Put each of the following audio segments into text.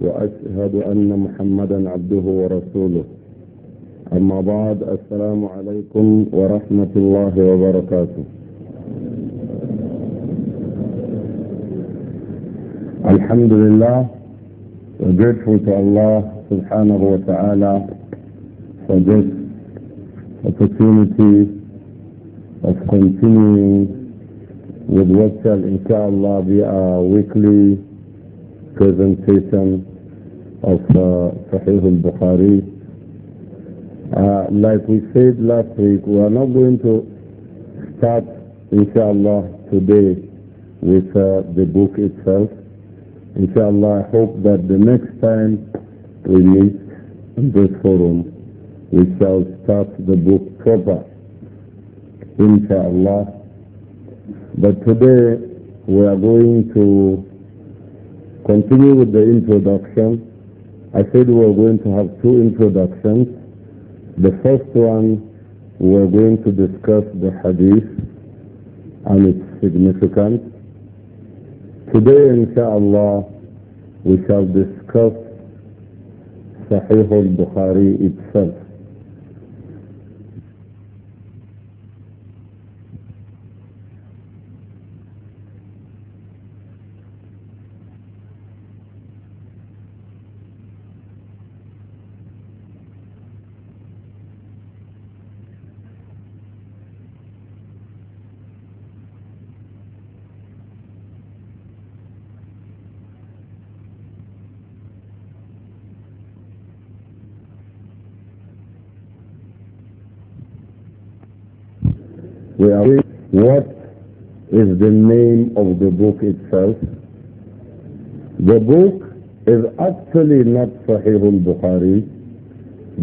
وأشهد أن محمدا عبده ورسوله أما بعد السلام عليكم ورحمة الله وبركاته الحمد لله We're grateful to Allah subhanahu wa ta'ala for this opportunity of continuing with what shall inshallah be our weekly presentation of uh, Sahih al-Bukhari. Uh, like we said last week, we are not going to start, inshallah, today with uh, the book itself. Inshallah, I hope that the next time we meet in this forum, we shall start the book proper, inshallah. But today we are going to continue with the introduction. I said we were going to have two introductions. The first one, we're going to discuss the hadith and its significance. Today, inshallah, we shall discuss Sahih al-Bukhari itself. what is the name of the book itself? The book is actually not Sahih al-Bukhari.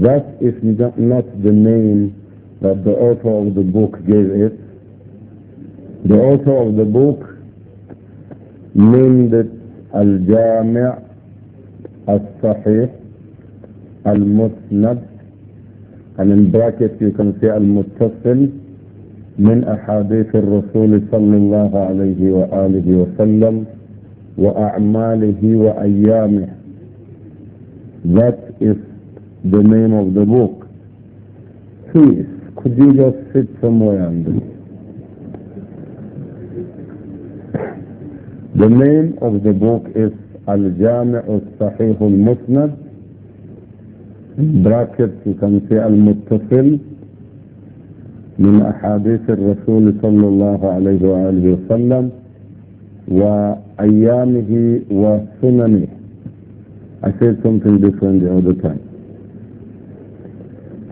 That is not the name that the author of the book gave it. The author of the book named it Al-Jami' Al-Sahih Al-Musnad and in brackets you can say Al-Muttasil من أحاديث الرسول صلى الله عليه وآله وسلم وأعماله وأيامه That is the name of the book. Please, could you just sit somewhere and The name of the book is al الصحيح المسند bracket al-Musnad. Brackets, you can say al من أحاديث الرسول صلى الله عليه وآله وسلم وأيامه وسننه I said something different the other time.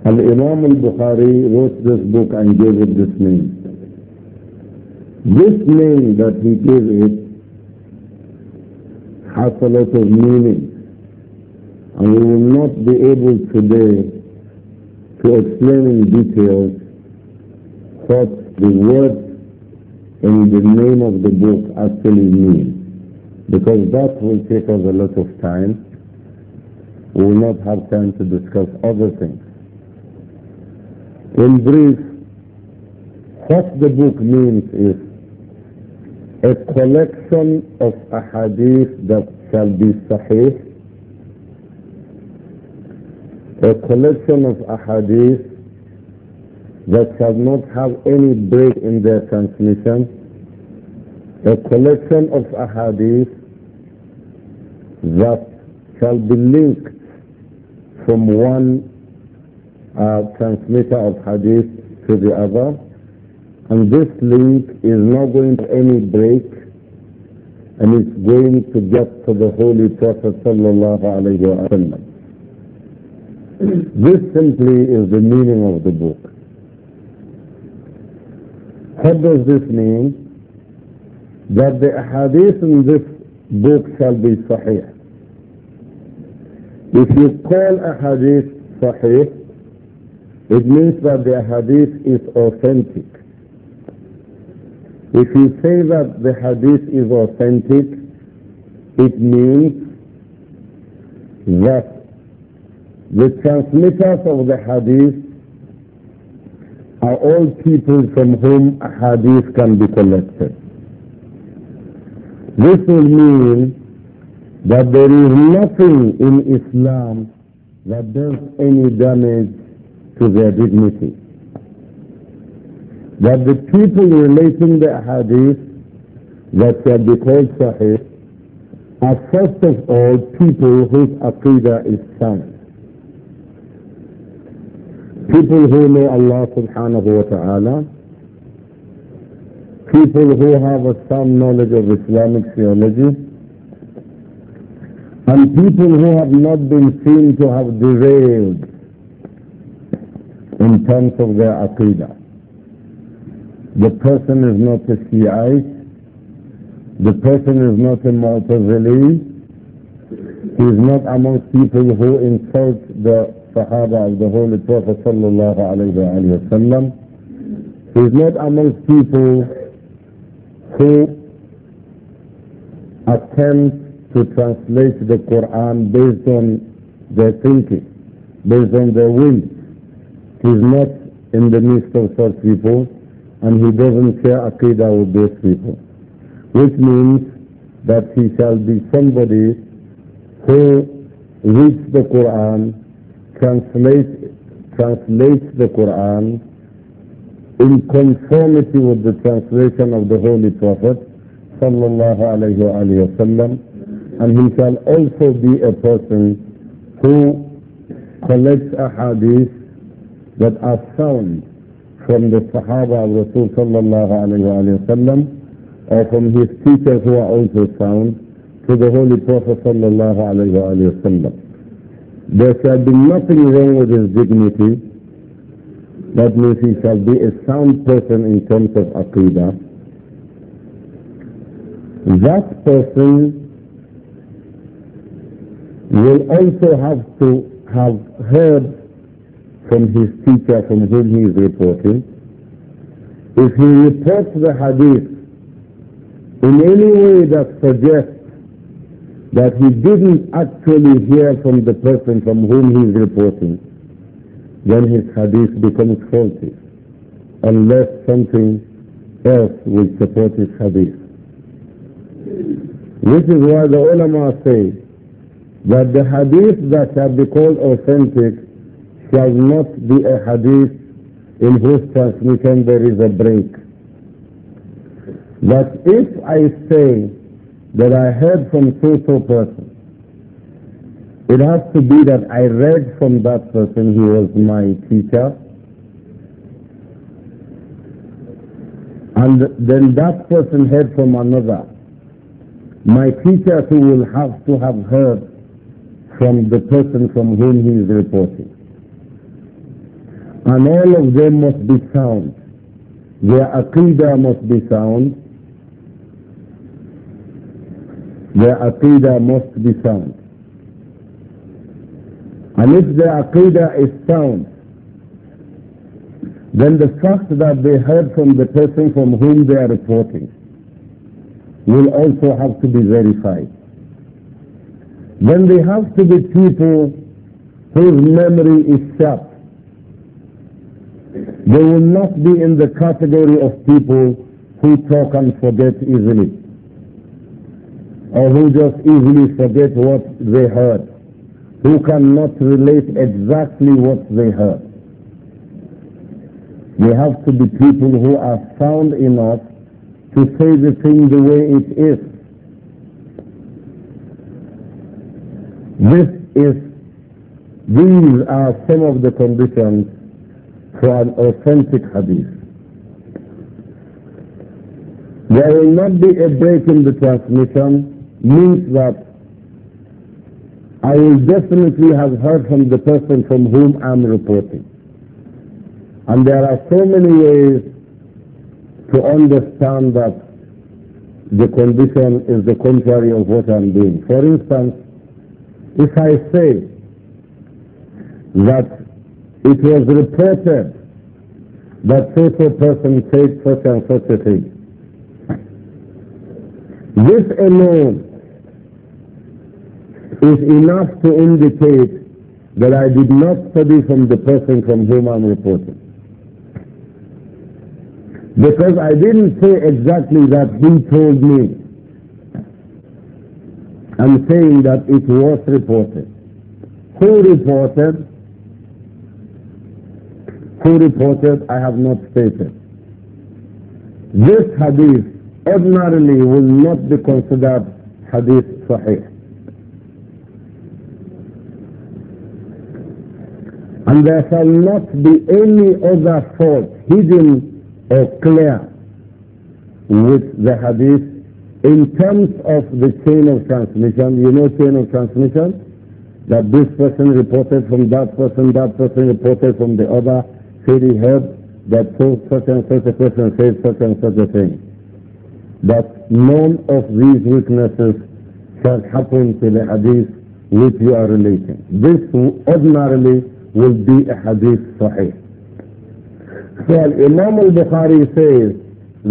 Al-Imam al-Bukhari wrote this book and gave it this name. This name that he gave it has a lot of meaning and we will not be able today to explain in details what the word in the name of the book actually means. Because that will take us a lot of time. We will not have time to discuss other things. In brief, what the book means is a collection of ahadith that shall be sahih, a collection of ahadith that shall not have any break in their transmission, a collection of ahadith that shall be linked from one uh, transmitter of hadith to the other, and this link is not going to any break, and it's going to get to the Holy Prophet sallallahu alaihi wasallam. This simply is the meaning of the book. What does this mean? That the hadith in this book shall be sahih. If you call a hadith sahih, it means that the hadith is authentic. If you say that the hadith is authentic, it means that the transmitters of the hadith are all people from whom hadith can be collected. This will mean that there is nothing in Islam that does any damage to their dignity. That the people relating the hadith that shall be called Sahih are first of all people whose aqidah is sound people who know Allah subhanahu wa ta'ala, people who have a sound knowledge of Islamic theology, and people who have not been seen to have derailed in terms of their aqidah. The person is not a Shiite, the person is not a Mu'tazili, he is not amongst people who insult the Sahaba of the Holy Prophet sallallahu alayhi wa sallam. He is not amongst people who attempt to translate the Quran based on their thinking, based on their will. He is not in the midst of such people and he doesn't share Aqidah with those people. Which means that he shall be somebody who reads the Quran translate, translates the Quran in conformity with the translation of the Holy Prophet sallallahu alayhi wa sallam and he shall also be a person who collects ahadith that are sound from the Sahaba of Rasul sallallahu alayhi wa sallam or from his teachers who are also sound to the Holy Prophet sallallahu alayhi wa sallam there shall be nothing wrong with his dignity. That means he shall be a sound person in terms of aqidah. That person will also have to have heard from his teacher from whom he is reporting. If he reports the hadith in any way that suggests that he didn't actually hear from the person from whom he is reporting, then his hadith becomes faulty, unless something else will support his hadith. This is why the ulama say that the hadith that shall be called authentic shall not be a hadith in whose transmission there is a break. But if I say that I heard from so-so person. It has to be that I read from that person who was my teacher. And then that person heard from another. My teacher too will have to have heard from the person from whom he is reporting. And all of them must be sound. Their aqidah must be sound their aqidah must be sound. And if their aqidah is sound, then the fact that they heard from the person from whom they are reporting will also have to be verified. Then they have to be people whose memory is sharp. They will not be in the category of people who talk and forget easily or who just easily forget what they heard, who cannot relate exactly what they heard. They have to be people who are sound enough to say the thing the way it is. This is, these are some of the conditions for an authentic hadith. There will not be a break in the transmission means that I will definitely have heard from the person from whom I'm reporting. And there are so many ways to understand that the condition is the contrary of what I'm doing. For instance, if I say that it was reported that such a person said such and such a thing, this alone is enough to indicate that I did not study from the person from whom I'm reporting. Because I didn't say exactly that he told me. I'm saying that it was reported. Who reported? Who reported? I have not stated. This hadith ordinarily will not be considered hadith sahih. And there shall not be any other fault hidden or clear with the hadith in terms of the chain of transmission. You know chain of transmission? That this person reported from that person, that person reported from the other, said he heard that so, such and such a person said such and such a thing. That none of these witnesses shall happen to the hadith which you are relating. This ordinarily will be a hadith sahih. So Imam al-Bukhari says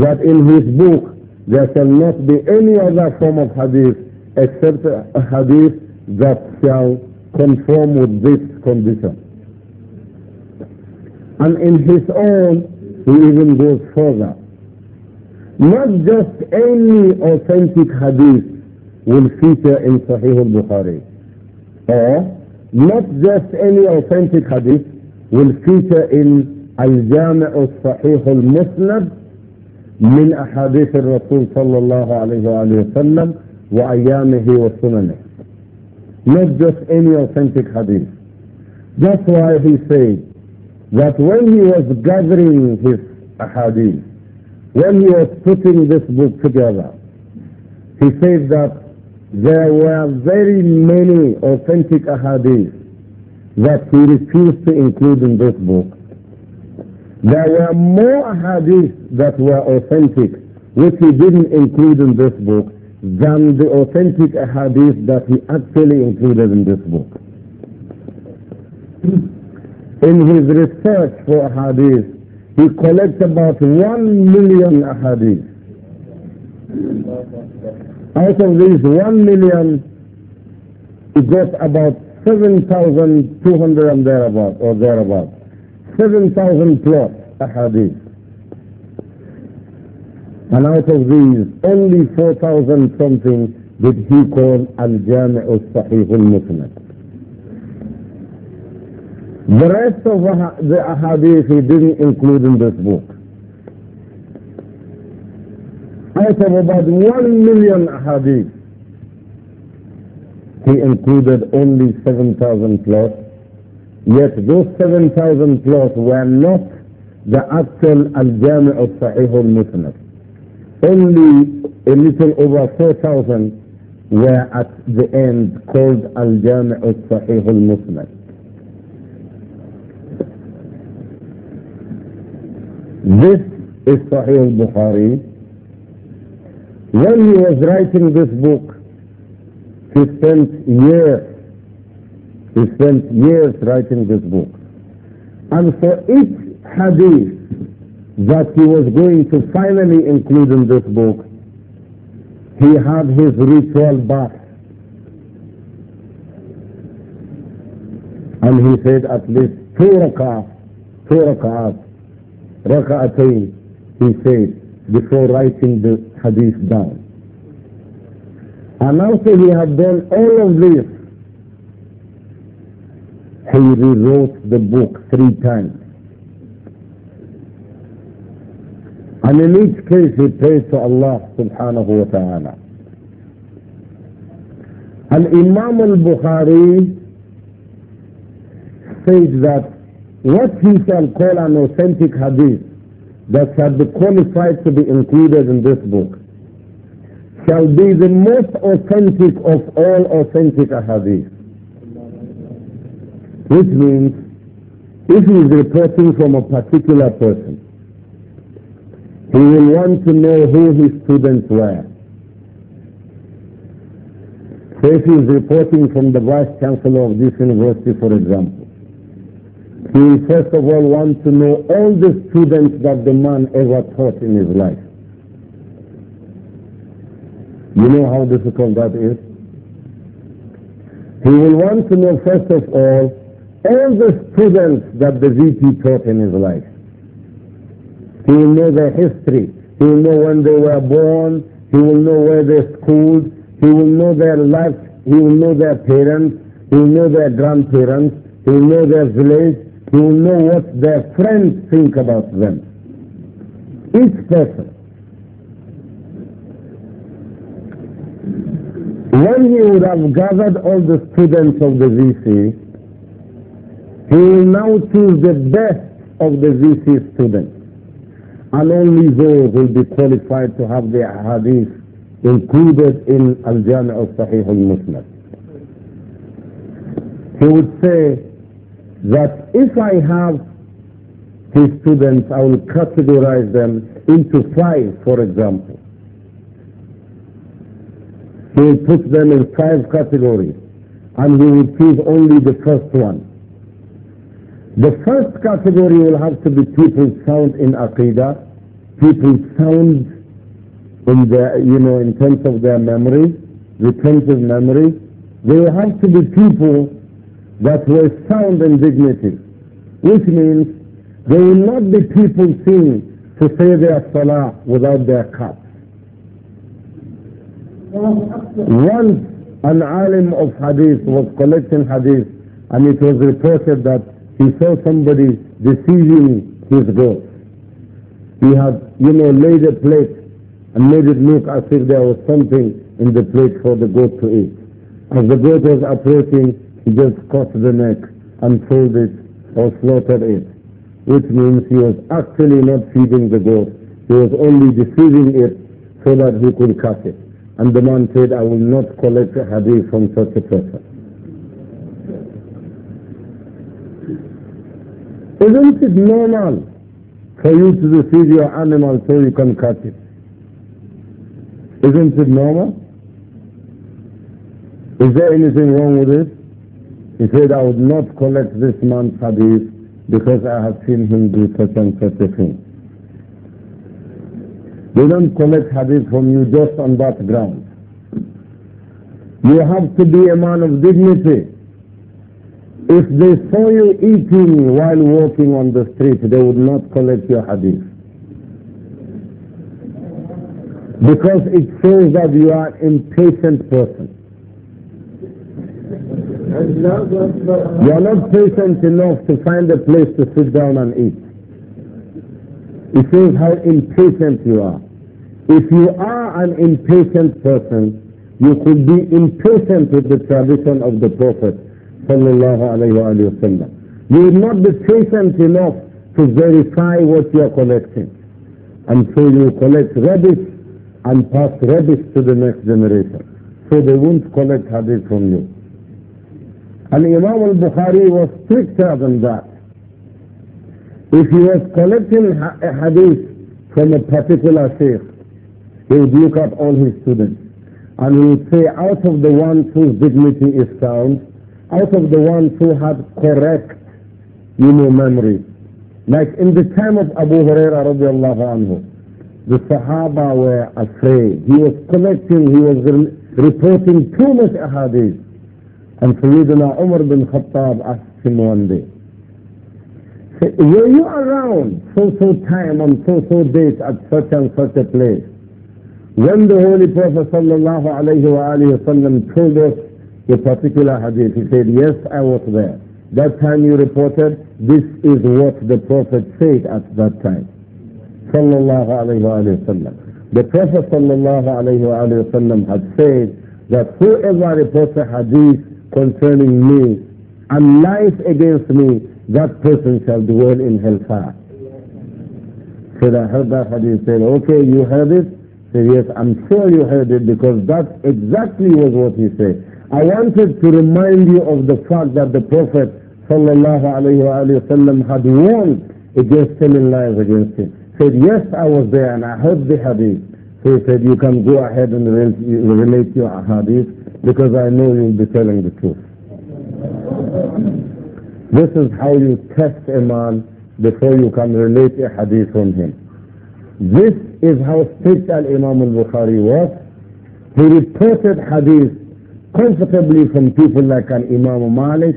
that in his book there shall not be any other form of hadith except a hadith that shall conform with this condition. And in his own, he even goes further. Not just any authentic hadith will feature in Sahih al-Bukhari. Or not just any authentic hadith will feature in Al-Jami' al-Sahih al-Musnad من أحاديث sallallahu alayhi wa sallam wa وسلم wa وسننه. Not just any authentic hadith. That's why he said that when he was gathering his ahadith, when he was putting this book together, he said that there were very many authentic ahadith that he refused to include in this book. There were more ahadith that were authentic which he didn't include in this book than the authentic ahadith that he actually included in this book. In his research for ahadith, he collects about one million ahadith. Out of these 1 million, he got about 7,200 and thereabout, or thereabout. 7,000 plus ahadith. And out of these, only 4,000 something did he call Al-Jami' al-Sahih al-Musnad. The rest of the ahadith he didn't include in this book. out of about one million hadith, he included only 7,000 plus. Yet those 7,000 plus were not the actual Al-Jami' al-Sahih al-Musnad. Only a little over 4,000 were at the end called Al-Jami' al-Sahih al-Musnad. This is Sahih al-Bukhari. When he was writing this book, he spent years, he spent years writing this book. And for each hadith that he was going to finally include in this book, he had his ritual bath. And he said at least two rak'ah, two rak'ahs, rak'atayn, he said, before writing the hadith down. And after he had done all of this, he rewrote the book three times. And in each case he prayed to Allah subhanahu wa ta'ala. And Imam al-Bukhari says that what he shall call an authentic hadith that shall be qualified to be included in this book shall be the most authentic of all authentic ahadith. Which means, if he is reporting from a particular person, he will want to know who his students were. So if he is reporting from the Vice Chancellor of this university, for example, he first of all wants to know all the students that the man ever taught in his life. You know how difficult that is? He will want to know first of all all the students that the VP taught in his life. He will know their history. He will know when they were born. He will know where they schooled. He will know their life. He will know their parents. He will know their grandparents. He will know their village. To know what their friends think about them. Each person. When he would have gathered all the students of the VC, he will now choose the best of the VC students. And only those will be qualified to have their hadith included in Al-Jami' al-Sahih al He would say, that if I have his students, I will categorize them into five, for example. He will put them in five categories, and we will choose only the first one. The first category will have to be people sound in Aqidah, people sound in the, you know, in terms of their memory, retentive memory. They will have to be people that were sound in dignity, which means there will not be people seen to say their salah without their cup. Once an alim of hadith was collecting hadith and it was reported that he saw somebody deceiving his goat. He had, you know, laid a plate and made it look as if there was something in the plate for the goat to eat. As the goat was approaching, he just cut the neck and sold it or slaughtered it, which means he was actually not feeding the goat. He was only deceiving it so that he could cut it. And the man said, I will not collect a hadith from such a person. Isn't it normal for you to deceive your animal so you can cut it? Isn't it normal? Is there anything wrong with it? He said, I would not collect this man's hadith because I have seen him do such and such a thing. They don't collect hadith from you just on that ground. You have to be a man of dignity. If they saw you eating while walking on the street, they would not collect your hadith. Because it shows that you are an impatient person. You are not patient enough to find a place to sit down and eat. It shows how impatient you are. If you are an impatient person, you could be impatient with the tradition of the Prophet sallallahu You will not be patient enough to verify what you are collecting. And so you collect rubbish and pass rubbish to the next generation. So they won't collect hadith from you. Al-Imam al-Bukhari was stricter than that. If he was collecting a hadith from a particular sheikh, he would look at all his students and he would say, out of the ones whose dignity is sound, out of the ones who had correct, you know, memory. Like in the time of Abu Huraira radiallahu anhu, the Sahaba were afraid. He was collecting, he was reporting too much hadith. And Sayyidina Umar bin Khattab asked him one day, were you around so-so time on so-so date at such and such a place? When the Holy Prophet صلى الله عليه وآله وسلم told us the particular hadith, he said, yes, I was there. That time you reported, this is what the Prophet said at that time. Sallallahu alayhi wa sallam. The Prophet صلى الله عليه وآله وسلم had said that whoever reports a hadith concerning me and lies against me, that person shall dwell in hellfire. So I heard that hadith said, okay, you heard it? said, yes, I'm sure you heard it because that exactly was what he said. I wanted to remind you of the fact that the Prophet sallallahu had warned against telling lies against him. Said, yes, I was there and I heard the hadith. So he said, you can go ahead and relate your hadith because I know you'll be telling the truth. This is how you test a man before you can relate a hadith from him. This is how strict Al-Imam al-Bukhari was. He reported hadith comfortably from people like Al-Imam Malik,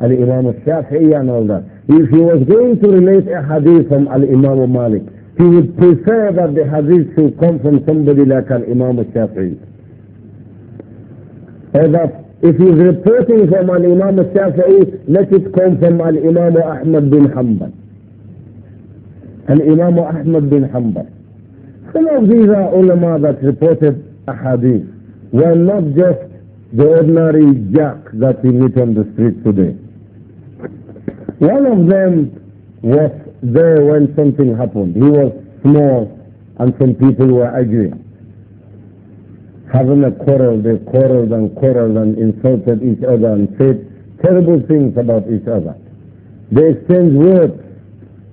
Al-Imam al-Shafi'i and all that. If he was going to relate a hadith from Al-Imam Malik, he would prefer that the hadith should come from somebody like Al-Imam al-Shafi'i uh, that if he's reporting from Al-Imam al-Shafi'i, let it come from Al-Imam Ahmad bin Hanbal. Al-Imam Ahmad bin Hanbal. Some of these are ulama that reported ahadith. We're not just the ordinary jack that we meet on the street today. One of them was there when something happened. He was small and some people were arguing having a quarrel, they quarreled and quarreled and insulted each other and said terrible things about each other. They exchanged words,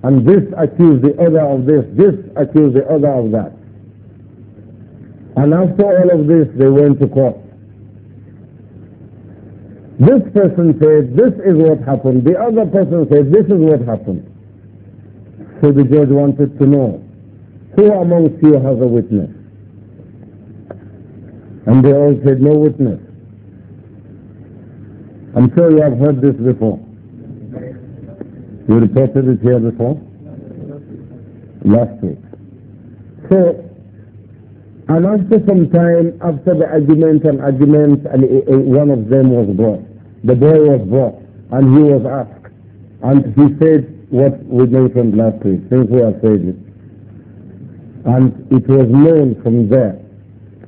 and this accused the other of this, this accused the other of that. And after all of this, they went to court. This person said, this is what happened. The other person said, this is what happened. So the judge wanted to know, who amongst you has a witness? And they all said, no witness. I'm sure you have heard this before. You reported it here before? Last week. So, and after some time, after the argument and argument, and one of them was brought. The boy was brought, and he was asked. And he said what we mentioned last week, things we have said it. And it was known from there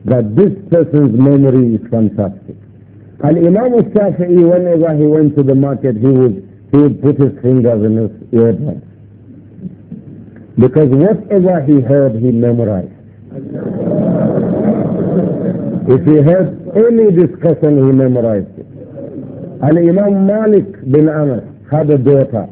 that this person's memory is fantastic. And Imam shafii whenever he went to the market, he would, he would put his fingers in his earbuds. Because whatever he heard, he memorized. If he heard any discussion, he memorized it. And Imam Malik bin Anas had a daughter.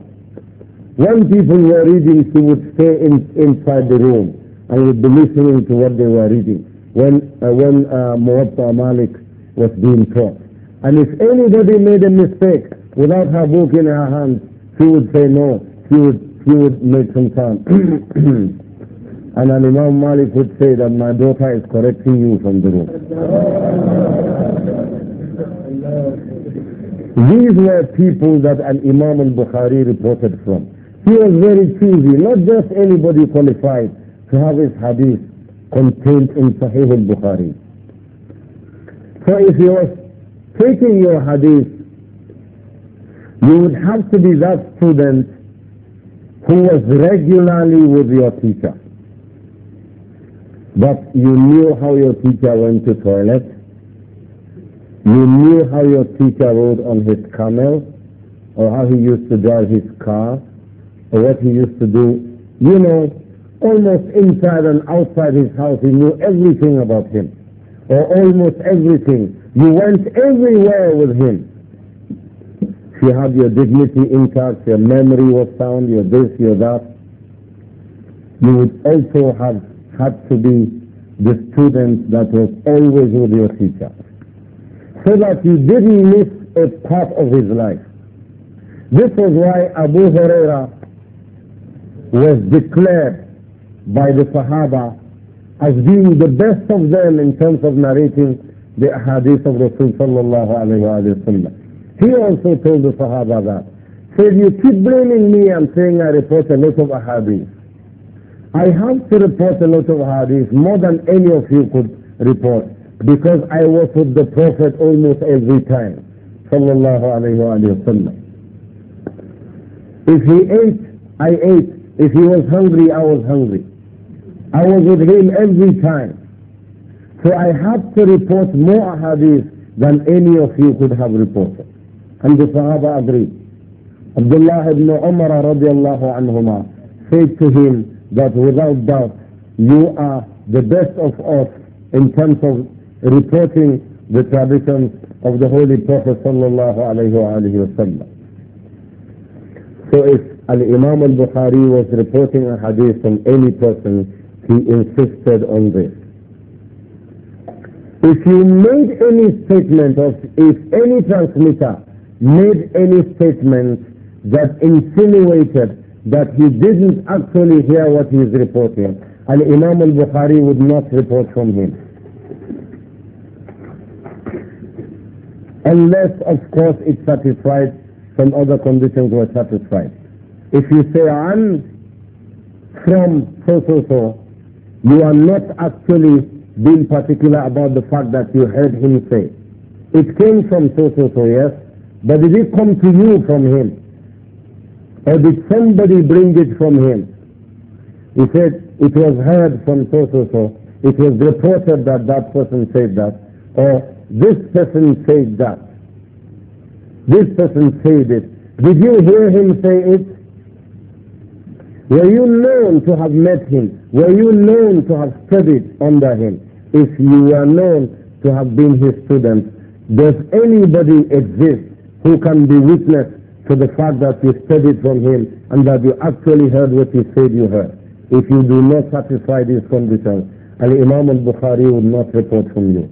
When people were reading, she would stay in, inside the room and would be listening to what they were reading when, uh, when uh, Muwatta Malik was being taught. And if anybody made a mistake without her book in her hand, she would say no. She would, she would make some sound. and an Imam Malik would say that my daughter is correcting you from the room. These were people that an Imam al-Bukhari reported from. He was very choosy, not just anybody qualified to have his hadith contained in Sahih al-Bukhari. So if you are taking your hadith, you would have to be that student who was regularly with your teacher. But you knew how your teacher went to toilet. You knew how your teacher rode on his camel, or how he used to drive his car, or what he used to do. You know, almost inside and outside his house. He knew everything about him, or almost everything. You went everywhere with him. You had your dignity intact, your memory was sound, your this, your that. You would also have had to be the student that was always with your teacher. So that you didn't miss a part of his life. This is why Abu Huraira was declared by the Sahaba as being the best of them in terms of narrating the hadith of Rasul sallallahu alayhi wa He also told the Sahaba that. Said, you keep blaming me and saying I report a lot of ahadith. I have to report a lot of hadith, more than any of you could report, because I was with the Prophet almost every time. Sallallahu alayhi wa sallam. If he ate, I ate. If he was hungry, I was hungry. I was with him every time. So I had to report more hadith than any of you could have reported. And the Sahaba agreed. Abdullah ibn Umar radiallahu anhuma said to him that without doubt you are the best of us in terms of reporting the traditions of the Holy Prophet sallallahu alayhi wa So if Al-Imam al-Bukhari was reporting a hadith from any person, he insisted on this. If you made any statement of, if any transmitter made any statement that insinuated that he didn't actually hear what he is reporting, and Imam al-Bukhari would not report from him. Unless, of course, it satisfied some other conditions were satisfied. If you say, I'm from so so so, you are not actually being particular about the fact that you heard him say. It came from so so so, yes, but did it come to you from him? Or did somebody bring it from him? He said, it was heard from so so so. It was reported that that person said that. Or this person said that. This person said it. Did you hear him say it? Were you known to have met him? Were you known to have studied under him? If you were known to have been his student, does anybody exist who can be witness to the fact that you studied from him and that you actually heard what he said you heard? If you do not satisfy these conditions, Al-Imam al-Bukhari would not report from you.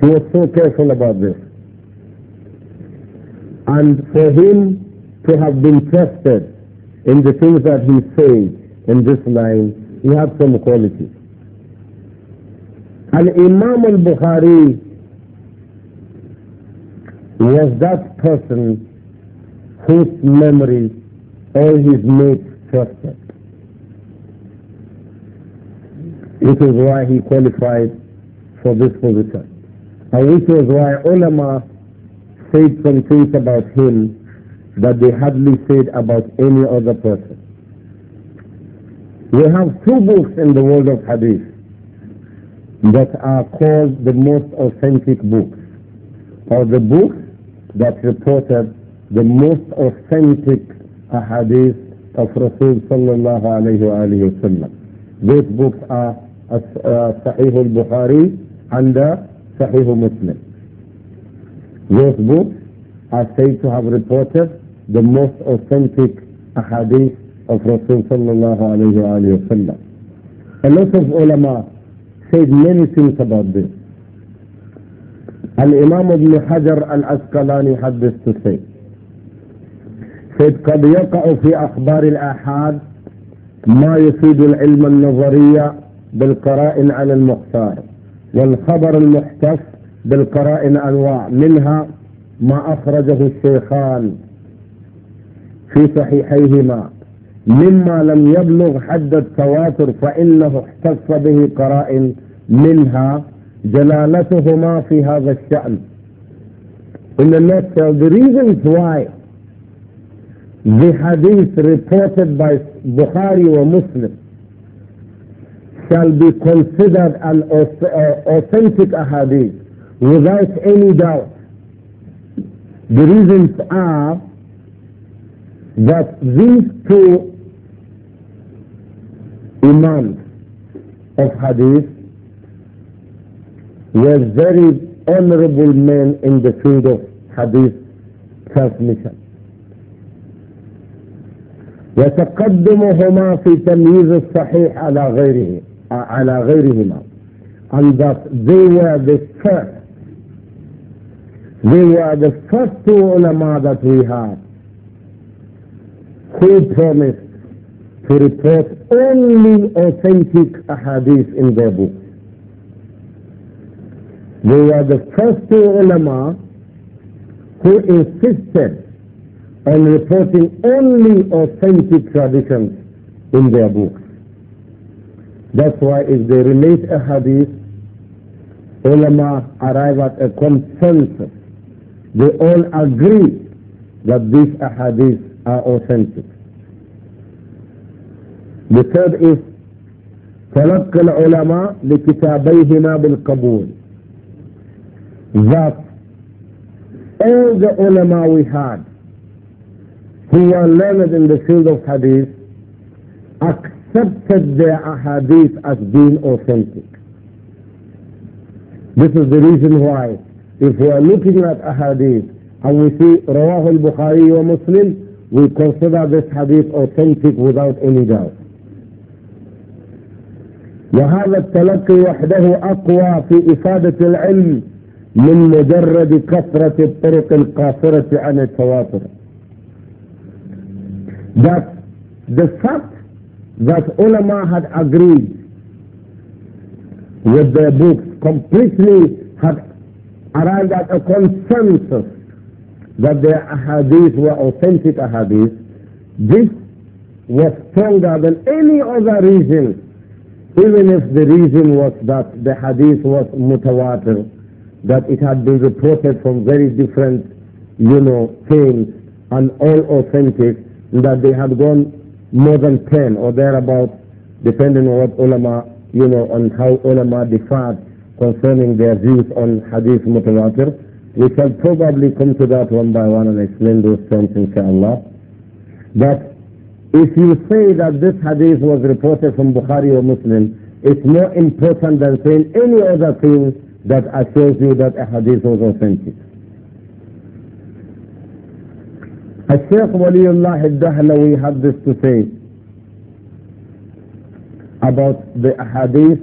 He was so careful about this. And for him, to have been trusted in the things that he said in this line, he had some quality. And Imam al-Bukhari was that person whose memory all his mates trusted. This is why he qualified for this position. And which is why ulama said some things about him that they hardly said about any other person. We have two books in the world of hadith that are called the most authentic books, or the books that reported the most authentic hadith of Rasul sallallahu alayhi wa sallam. These books are uh, Sahih al-Bukhari and uh, Sahih muslim Those books are said to have reported the most authentic ahadith of Rasul sallallahu alayhi wa sallam. A lot of ulama said many things about this. الإمام ابن حجر العسقلاني حدثت to say said قد يقع في أخبار الآحاد ما يفيد العلم النظري بالقرائن على المختار والخبر المحتف بالقرائن أنواع منها ما أخرجه الشيخان في صحيحيهما مما لم يبلغ حد التواتر فإنه احتف به قرائن منها جلالتهما في هذا الشأن In the nutshell, the reasons why the hadith reported by Bukhari or Muslim shall be considered an authentic hadith without any doubt. The reasons are that these two imams of hadith were very honorable men in the field of hadith transmission. وتقدمهما في تمييز الصحيح على غيره على غيرهما and that they were the first they were the first two ulama that we had still promised to report only authentic ahadith in their book. They were the first two ulama who insisted on reporting only authentic traditions in their books. That's why if they relate a hadith, ulama arrive at a consensus. They all agree that these ahadith are authentic. The third is تلقى العلماء لكتابيهما بالقبول that all the ulama we had who were learned in the field of hadith accepted their ahadith as being authentic. This is the reason why if we are looking at ahadith and we see رواه البخاري bukhari Muslim, we consider this hadith authentic without any doubt. وهذا التلقي وحده أقوى في إفادة العلم من مجرد كثرة الطرق القاصرة عن التواتر that the fact that ulama had agreed with their books completely had arrived at a consensus that their ahadith were authentic ahadith this was stronger than any other reason Even if the reason was that the hadith was mutawatir, that it had been reported from very different, you know, things and all authentic, that they had gone more than 10 or thereabout, depending on what ulama, you know, on how ulama differed concerning their views on hadith mutawatir. We shall probably come to that one by one and explain those terms, inshallah. But if you say that this hadith was reported from Bukhari or Muslim, it's more important than saying any other thing that assures you that a hadith was authentic. الشيخ ولي الله الدهلوي had this to say about the hadith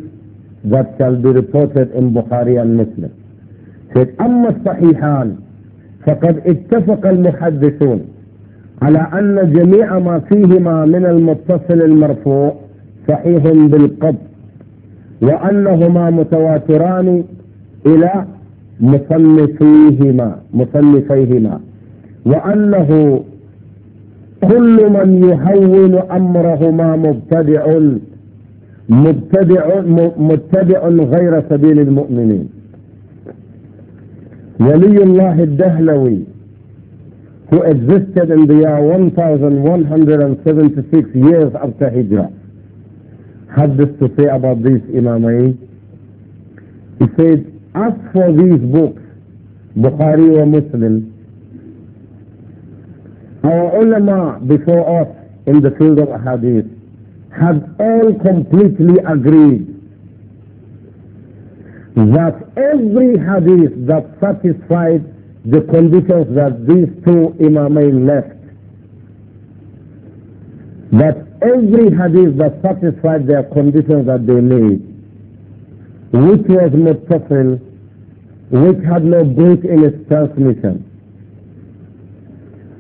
that shall be reported in Bukhari and Muslim. said أما الصحيحان فقد اتفق المحدثون على أن جميع ما فيهما من المتصل المرفوع صحيح بالقبض وأنهما متواتران إلى مصنفيهما مصنفيهما وأنه كل من يهون أمرهما مبتدع مبتدع متبع غير سبيل المؤمنين ولي الله الدهلوي who existed in the year 1176 years after Hijrah, had this to say about these Imamain. He said, as for these books, Bukhari or Muslim, our ulama before us in the field of hadith had all completely agreed that every hadith that satisfied the conditions that these two imamay left. That every hadith that satisfied their conditions that they made, which was muttafil, which had no break in its transmission,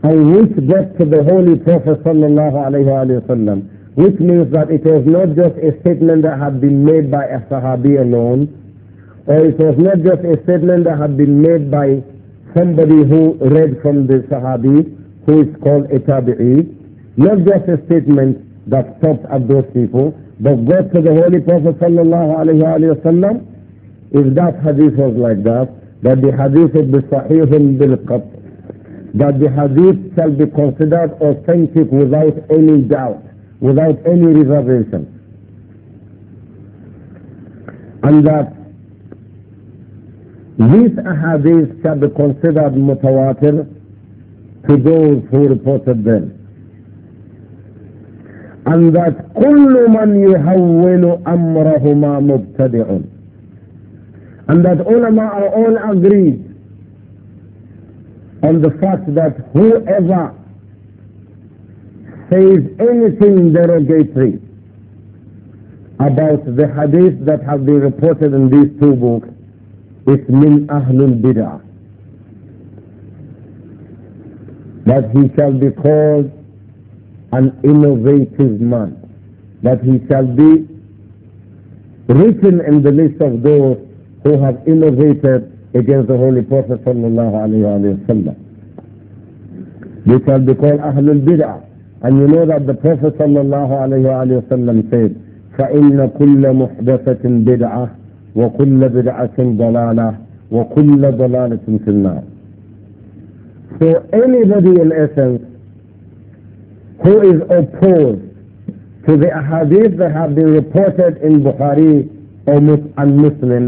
and which got to the Holy Prophet sallallahu alaihi wasallam, which means that it was not just a statement that had been made by a Sahabi alone, or it was not just a statement that had been made by somebody who read from the Sahabi, who is called a Tabi'i, not just a statement that stopped at those people, but got to the Holy Prophet sallallahu alayhi wa if that hadith was like that, that the hadith would be sahihun bil that the hadith shall be considered authentic without any doubt, without any reservation. And that these ahadith can be considered mutawatir to those who reported them. And that كل من يهول أمرهما مبتدع and that ulama are all agreed on the fact that whoever says anything derogatory about the hadith that have been reported in these two books is min ahlul bid'ah. That he shall be called an innovative man. That he shall be written in the list of those who have innovated against the Holy Prophet sallallahu alaihi wasallam. They shall be called ahlul bid'ah. And you know that the Prophet sallallahu alayhi wa sallam said, فَإِنَّ كُلَّ مُحْدَثَةٍ بِدْعَةٍ وكل بدعة ضلالة وكل ضلالة في النار So anybody in essence who is opposed to the ahadith that have been reported in Bukhari or Muslim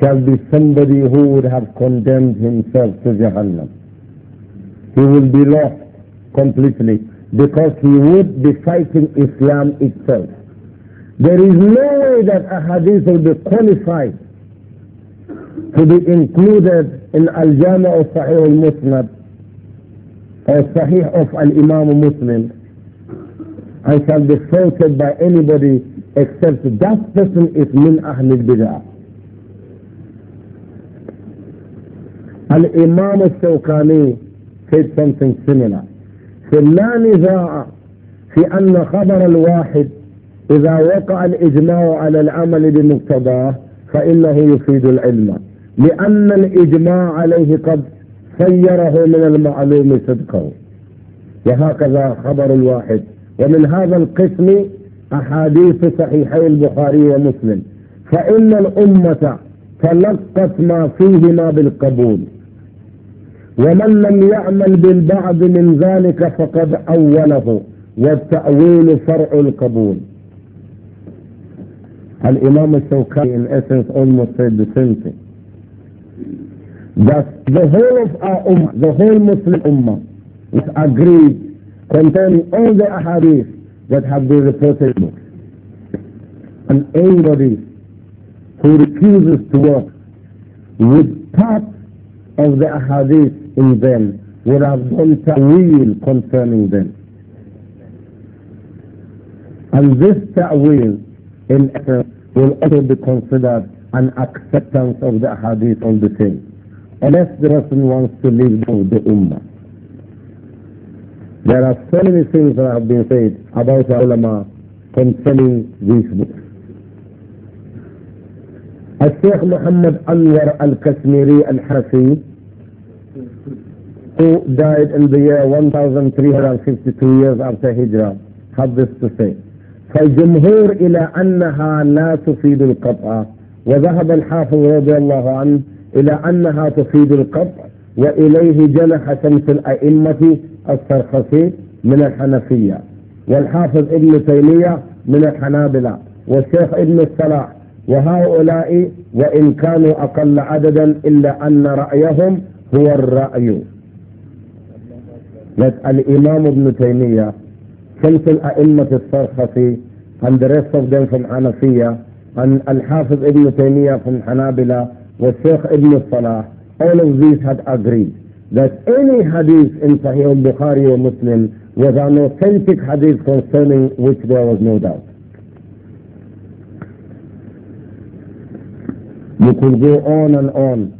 shall be somebody who would have condemned himself to Jahannam. He will be lost completely because he would be fighting Islam itself. There is no way that a hadith will be qualified to be included in Al-Jama of Sahih al-Musnad or Sahih of Al-Imam Muslim and shall be faulted by anybody except that person is min Ahl al-Bid'ah. al الشوكاني said something similar. في لا نزاع في أن خبر الواحد إذا وقع الإجماع على العمل بمقتضاه فإنه يفيد العلم لأن الإجماع عليه قد خيره من المعلوم صدقه وهكذا خبر الواحد ومن هذا القسم أحاديث صحيحي البخاري ومسلم فإن الأمة تلقت ما فيهما بالقبول ومن لم يعمل بالبعض من ذلك فقد أوله والتأويل فرع القبول And imam al-Shawqani in essence almost said the same thing. That the whole of our ummah, the whole Muslim ummah, is agreed concerning all the ahadith that have been reported books. And anybody who refuses to work with part of the ahadith in them would have done ta'wil concerning them. And this ta'wil in essence will also be considered an acceptance of the hadith on the same, unless the person wants to leave the ummah. There are so many things that have been said about ulama concerning these books. الشيخ محمد أنور الكشميري الحرفي who died in the year 1352 years after Hijrah had this to say فالجمهور إلى أنها لا تفيد القطع وذهب الحافظ رضي الله عنه إلى أنها تفيد القطع وإليه جنح شمس الأئمة السرخسي من الحنفية والحافظ ابن تيمية من الحنابلة والشيخ ابن الصلاح وهؤلاء وإن كانوا أقل عددا إلا أن رأيهم هو الرأي الإمام ابن تيمية شمس الأئمة الصرخسي and the rest of them from Hanafiya and Al-Hafiz ibn Taymiyyah from Hanabila was Sheikh ibn Salah all of these had agreed that any hadith in Sahih al-Bukhari or Muslim was an authentic hadith concerning which there was no doubt. You could go on and on,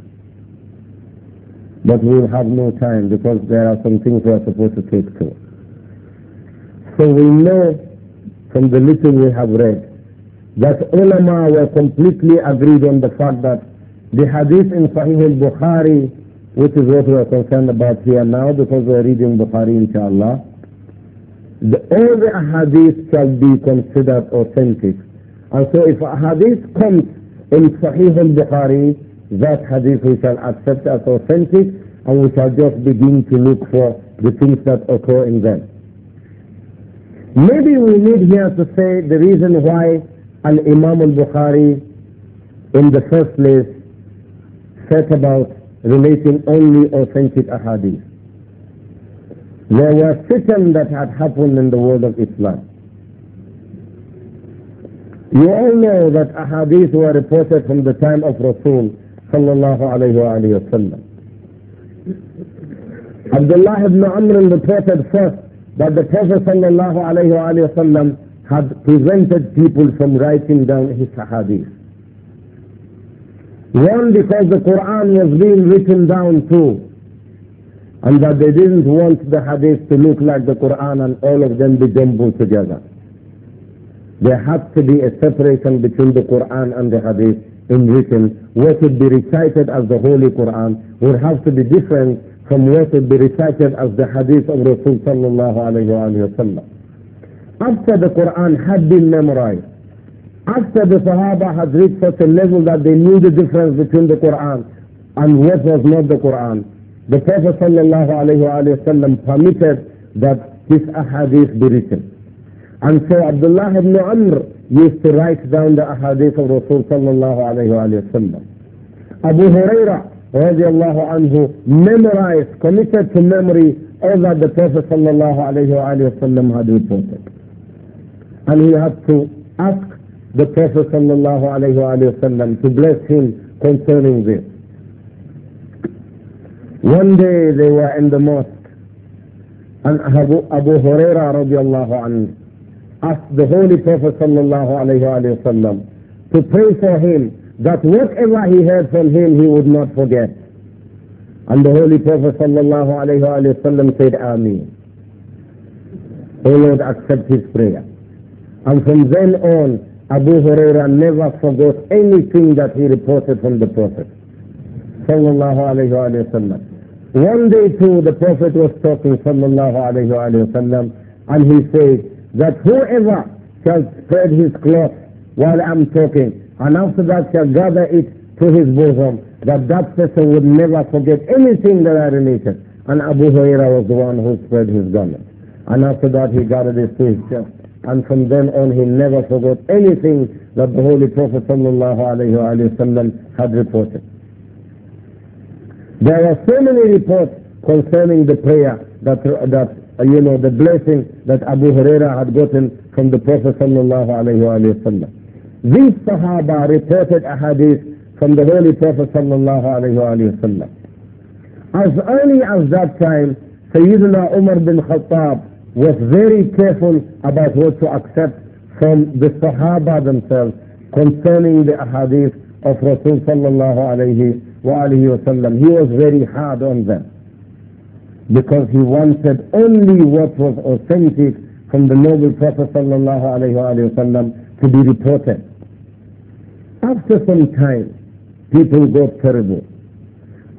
but we'll have no time because there are some things we are supposed to take to. So we know from the little we have read that ulama were completely agreed on the fact that the hadith in Sahih al-Bukhari, which is what we are concerned about here now because we are reading Bukhari inshallah, the, all the hadith shall be considered authentic. And so if a hadith comes in Sahih al-Bukhari, that hadith we shall accept as authentic and we shall just begin to look for the things that occur in them. Maybe we need here to say the reason why Al-Imam al-Bukhari in the first place set about relating only authentic ahadith. There were fitan that had happened in the world of Islam. You all know that ahadith were reported from the time of Rasul sallallahu alayhi wa sallam. Abdullah ibn Amr reported first that the Prophet sallallahu had prevented people from writing down his hadith. One, because the Quran was being written down too, and that they didn't want the hadith to look like the Quran and all of them be jumbled together. There had to be a separation between the Quran and the hadith in written. What would be recited as the Holy Quran would have to be different فليكن برسالة قصد حديث الرسول صلى الله عليه وآله وسلم حتى بقرآن حد memorized after the Sahaba had reached such a level that they knew the difference between the Quran and what was not the Quran, the Prophet وسلم permitted that this ahadith be written. And so Abdullah ibn Amr used to write down the ahadith of Rasul sallallahu عليه وآله وسلم Abu Hurairah radiallahu anhu memorized, committed to memory all that the Prophet sallallahu alayhi wa had reported. And he had to ask the Prophet sallallahu alayhi wa to bless him concerning this. One day they were in the mosque and Abu, Abu Huraira radiallahu anhu asked the Holy Prophet sallallahu alayhi wa to pray for him that whatever he heard from him, he would not forget. And the Holy Prophet sallallahu alayhi wa said, Ameen. O Lord, accept his prayer. And from then on, Abu Huraira never forgot anything that he reported from the Prophet sallallahu alayhi wa One day too, the Prophet was talking sallallahu alayhi wa and he said that whoever shall spread his cloth while I'm talking, and after that shall gather it to his bosom, that that person would never forget anything that I related. And Abu Huraira was the one who spread his garment. And after that he gathered it to his chest. And from then on he never forgot anything that the Holy Prophet ﷺ had reported. There are so many reports concerning the prayer that, that you know, the blessing that Abu Huraira had gotten from the Prophet sallallahu alayhi wa sallam. These Sahaba reported a hadith from the Holy Prophet sallallahu alayhi wa As early as that time, Sayyidina Umar bin Khattab was very careful about what to accept from the Sahaba themselves concerning the hadith of Rasul sallallahu alayhi wa He was very hard on them because he wanted only what was authentic from the noble Prophet sallallahu alayhi wa to be reported. After some time, people got terrible.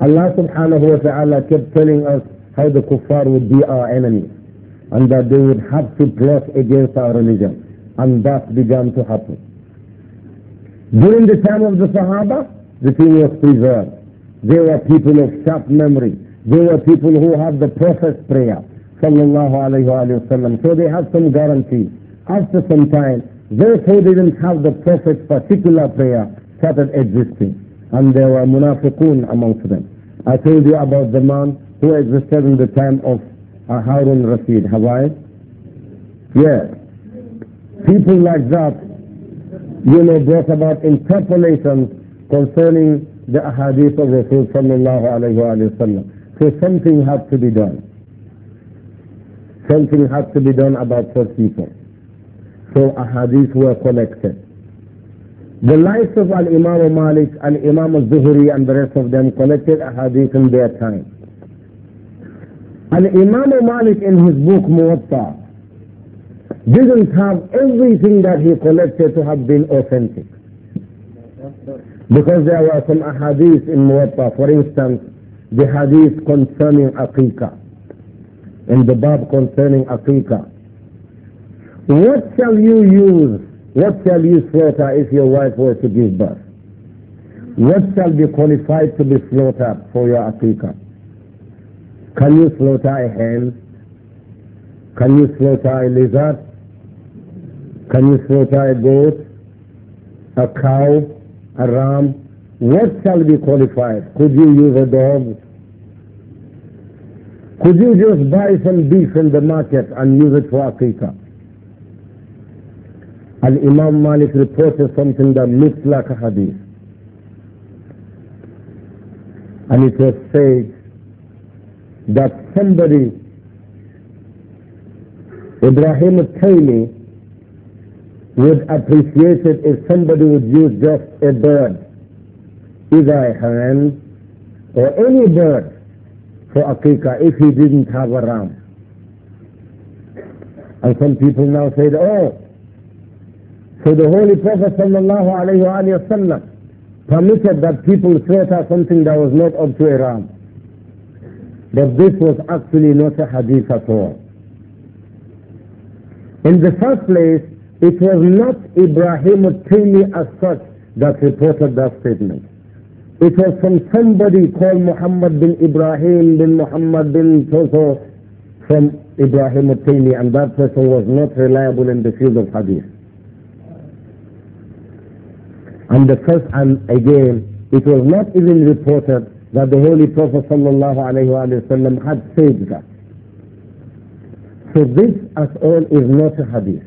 Allah subhanahu wa ta'ala kept telling us how the kuffar would be our enemies and that they would have to plot against our religion. And that began to happen. During the time of the Sahaba, the thing was preserved. They were people of sharp memory. They were people who had the Prophet's prayer, sallallahu alayhi wa So they had some guarantee. After some time, Therefore they didn't have the Prophet's particular prayer started existing. And there were munafiqun amongst them. I told you about the man who existed in the time of uh, Harun Rashid, have I? Yes. People like that, you know, brought about interpolations concerning the ahadith of Rasul sallallahu alayhi wa sallam. So something had to be done. Something had to be done about such people. So ahadith were collected. The lives of Al-Imam Malik, Al-Imam Zuhri and the rest of them collected ahadith in their time. Al-Imam Malik in his book Muwatta didn't have everything that he collected to have been authentic. Because there were some ahadith in Muwatta, for instance, the hadith concerning Aqiqah, in the bab concerning Aqiqah. What shall you use? What shall you slaughter if your wife were to give birth? What shall be qualified to be slaughtered for your Africa? Can you slaughter a hen? Can you slaughter a lizard? Can you slaughter a goat? A cow? A ram? What shall be qualified? Could you use a dog? Could you just buy some beef in the market and use it for Africa? Al-Imam Malik reported something that looks like a hadith. And it was said that somebody, Ibrahim al-Taymi, would appreciate it if somebody would use just a bird, either a hen or any bird for kika if he didn't have a ram. And some people now said, oh, so the Holy Prophet sallallahu alayhi wa sallam permitted that people slaughter something that was not up to Iran. But this was actually not a hadith at all. In the first place, it was not Ibrahim al-Taymi as such that reported that statement. It was from somebody called Muhammad bin Ibrahim bin Muhammad bin Soso from Ibrahim al-Taymi and that person was not reliable in the field of hadith. And the first, and again, it was not even reported that the Holy Prophet ﷺ had said that. So this at all is not a hadith.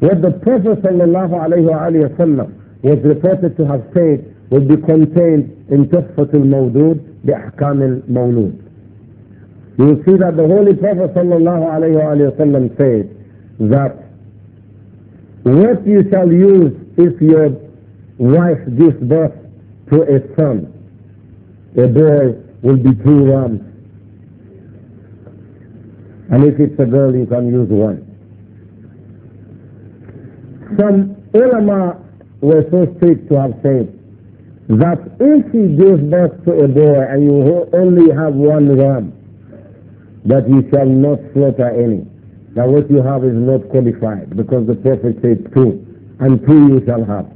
What the Prophet ﷺ was reported to have said would be contained in تحفة المودود al المولود. You see that the Holy Prophet ﷺ said that what you shall use if your wife gives birth to a son, a boy will be two rams. And if it's a girl, you can use one. Some ulama were so strict to have said that if he gives birth to a boy and you only have one ram, that you shall not slaughter any. Now what you have is not qualified because the Prophet said two, and two you shall have.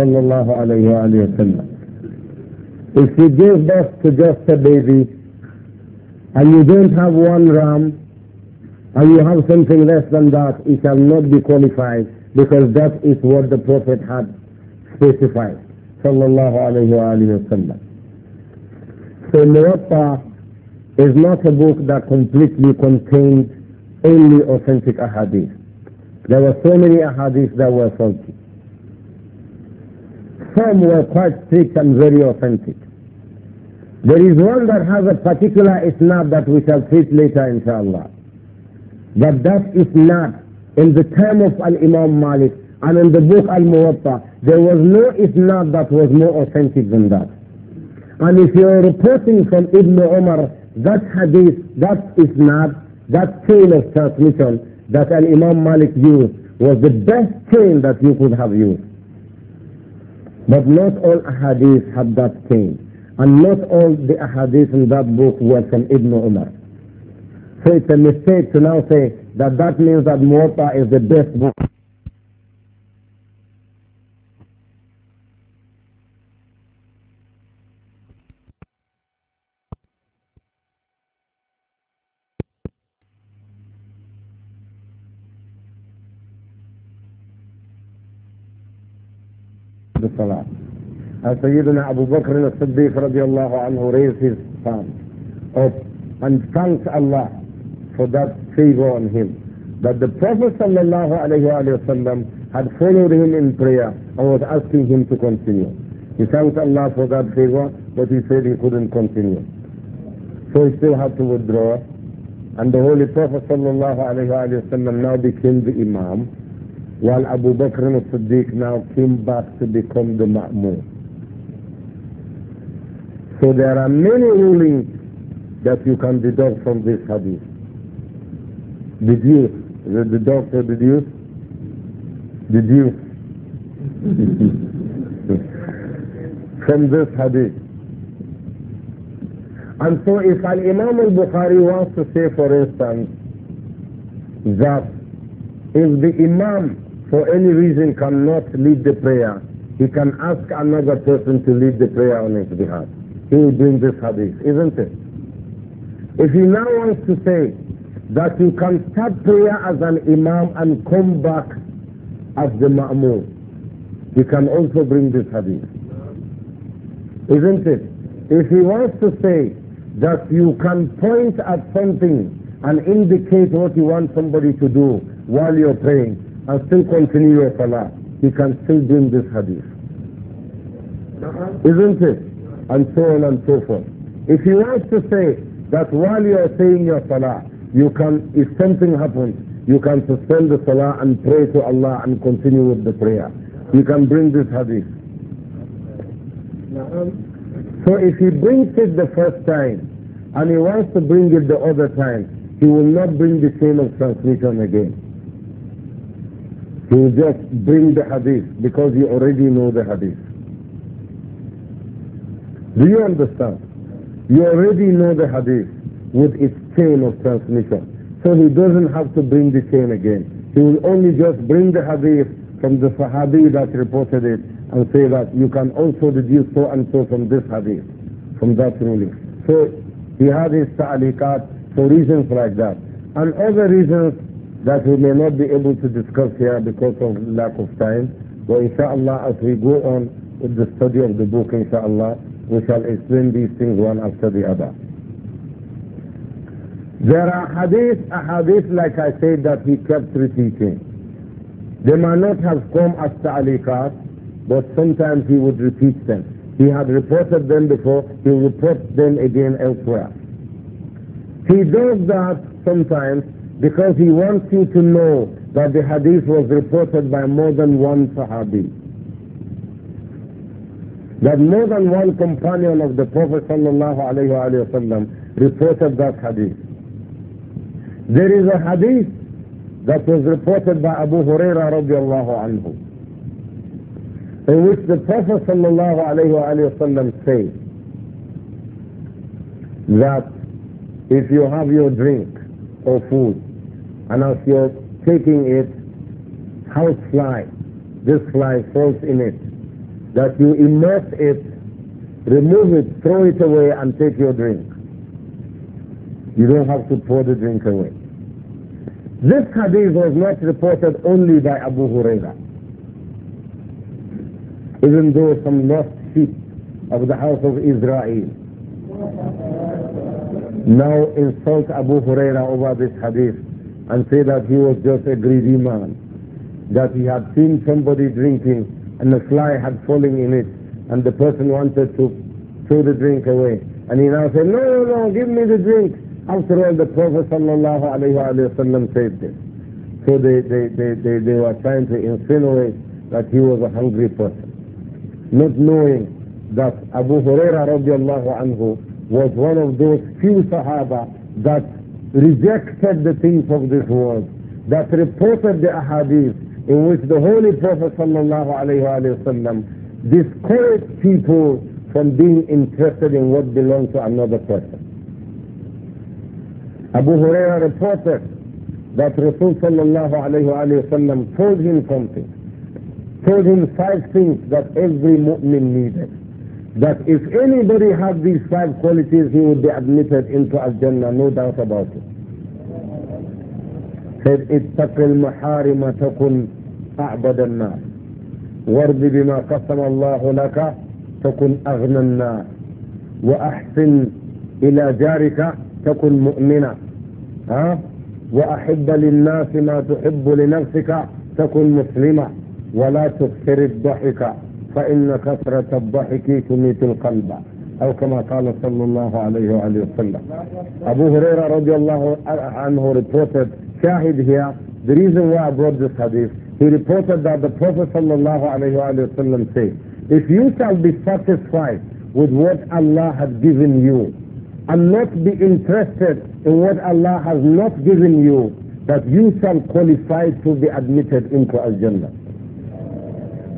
If you give birth to just a baby and you don't have one ram and you have something less than that, it shall not be qualified because that is what the Prophet had specified. Sallallahu alayhi wa So Muwatta is not a book that completely contains only authentic ahadith. There were so many ahadith that were faulty form were quite strict and very authentic. There is one that has a particular isnad that we shall treat later inshallah. But that not in the time of Al-Imam Malik and in the book Al-Muwatta, there was no isnad that was more authentic than that. And if you are reporting from Ibn Umar, that hadith, that isnad, that chain of transmission that Al-Imam Malik used was the best chain that you could have used. But not all ahadith had that change. And not all the ahadith in that book were from Ibn Umar. So it's a mistake to now say that that means that Muwatta is the best book بالصلاة. Uh, Sayyidina Abu Bakr al-Siddiq radiallahu anhu raised his palm up and thanked Allah for that favor on him. That the Prophet sallallahu alayhi wa had followed him in prayer and was asking him to continue. He thanked Allah for that favor, but he said he couldn't continue. So he still had to withdraw. And the Holy Prophet sallallahu alayhi wa now became the Imam while Abu Bakr and Siddiq now came back to become the Ma'mun. So there are many rulings that you can deduct from this hadith. Deduce. The deduct or deduce? Deduce. from this hadith. And so if Al-Imam al-Bukhari wants to say, for instance, that if the Imam for any reason cannot lead the prayer, he can ask another person to lead the prayer on his behalf. He will bring this hadith, isn't it? If he now wants to say that you can start prayer as an imam and come back as the ma'mur, he can also bring this hadith. Isn't it? If he wants to say that you can point at something and indicate what you want somebody to do while you're praying, I still continue your salah. He can still bring this hadith. Isn't it? And so on and so forth. If he wants to say that while you are saying your salah, you can, if something happens, you can suspend the salah and pray to Allah and continue with the prayer. You can bring this hadith. So if he brings it the first time and he wants to bring it the other time, he will not bring the same of transmission again. He just bring the hadith because you already know the hadith. Do you understand? You already know the hadith with its chain of transmission. So he doesn't have to bring the chain again. He will only just bring the hadith from the Sahabi that reported it and say that you can also deduce so and so from this hadith, from that ruling. So he had his ta'aliqat for reasons like that. And other reasons that we may not be able to discuss here because of lack of time. But inshallah, as we go on with the study of the book, inshallah, we shall explain these things one after the other. There are hadith, hadith, like I said, that he kept repeating. They may not have come as ta'aliqat, but sometimes he would repeat them. He had reported them before, he reports them again elsewhere. He does that sometimes because he wants you to know that the hadith was reported by more than one Sahabi. That more than one companion of the Prophet ﷺ reported that hadith. There is a hadith that was reported by Abu Huraira radiallahu anhu, in which the Prophet ﷺ said that if you have your drink or food and as you're taking it, house fly, this fly falls in it. That you immerse it, remove it, throw it away, and take your drink. You don't have to pour the drink away. This hadith was not reported only by Abu Huraira. Even though some lost sheep of the house of Israel now insult Abu Huraira over this hadith and say that he was just a greedy man, that he had seen somebody drinking and a fly had fallen in it and the person wanted to throw the drink away. And he now said, no, no, no, give me the drink. After all, the Prophet sallallahu alayhi wa said this. So they, they, they, they, they were trying to insinuate that he was a hungry person, not knowing that Abu Huraira radiallahu anhu was one of those few Sahaba that rejected the things of this world, that reported the ahadith in which the Holy Prophet ﷺ discouraged people from being interested in what belongs to another person. Abu Huraira reported that Rasul told him something, told him five things that every mu'min needed. that if anybody had these five qualities, he would be admitted into Al-Jannah, no doubt about it. Said, اتق المحارم تكن أعبد الناس وارض بما قسم الله لك تكن أغنى الناس وأحسن إلى جارك تكن مؤمنا ها وأحب للناس ما تحب لنفسك تكن مسلما ولا تكثر الضحك فإن كثرة الضحك تميت القلب أو كما قال صلى الله عليه وآله وسلم Abu Huraira رضي الله عنه reported شاهد here the reason why I brought this hadith he reported that the Prophet صلى الله عليه وآله وسلم said if you shall be satisfied with what Allah has given you and not be interested in what Allah has not given you that you shall qualify to be admitted into Al-Jannah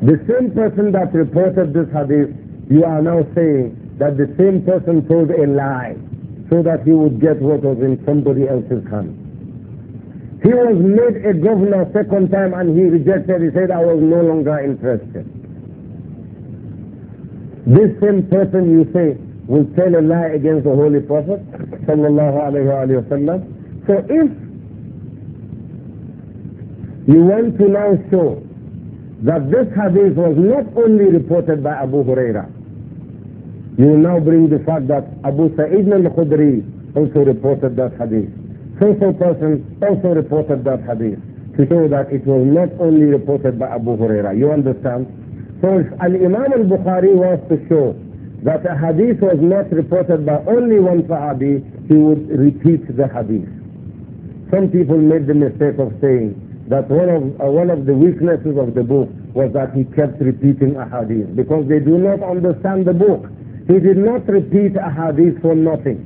the same person that reported this hadith, you are now saying that the same person told a lie so that he would get what was in somebody else's hand. He was made a governor second time and he rejected. He said, I was no longer interested. This same person you say will tell a lie against the Holy Prophet sallallahu alayhi wa So if you want to now show that this hadith was not only reported by Abu Huraira. You now bring the fact that Abu Sa'id al-Khudri also reported that hadith. So-so person also reported that hadith to show that it was not only reported by Abu Huraira. You understand? So if Al-Imam al-Bukhari was to show that a hadith was not reported by only one Sahabi, he would repeat the hadith. Some people made the mistake of saying that one of, uh, one of the weaknesses of the book was that he kept repeating ahadith because they do not understand the book. He did not repeat ahadith for nothing.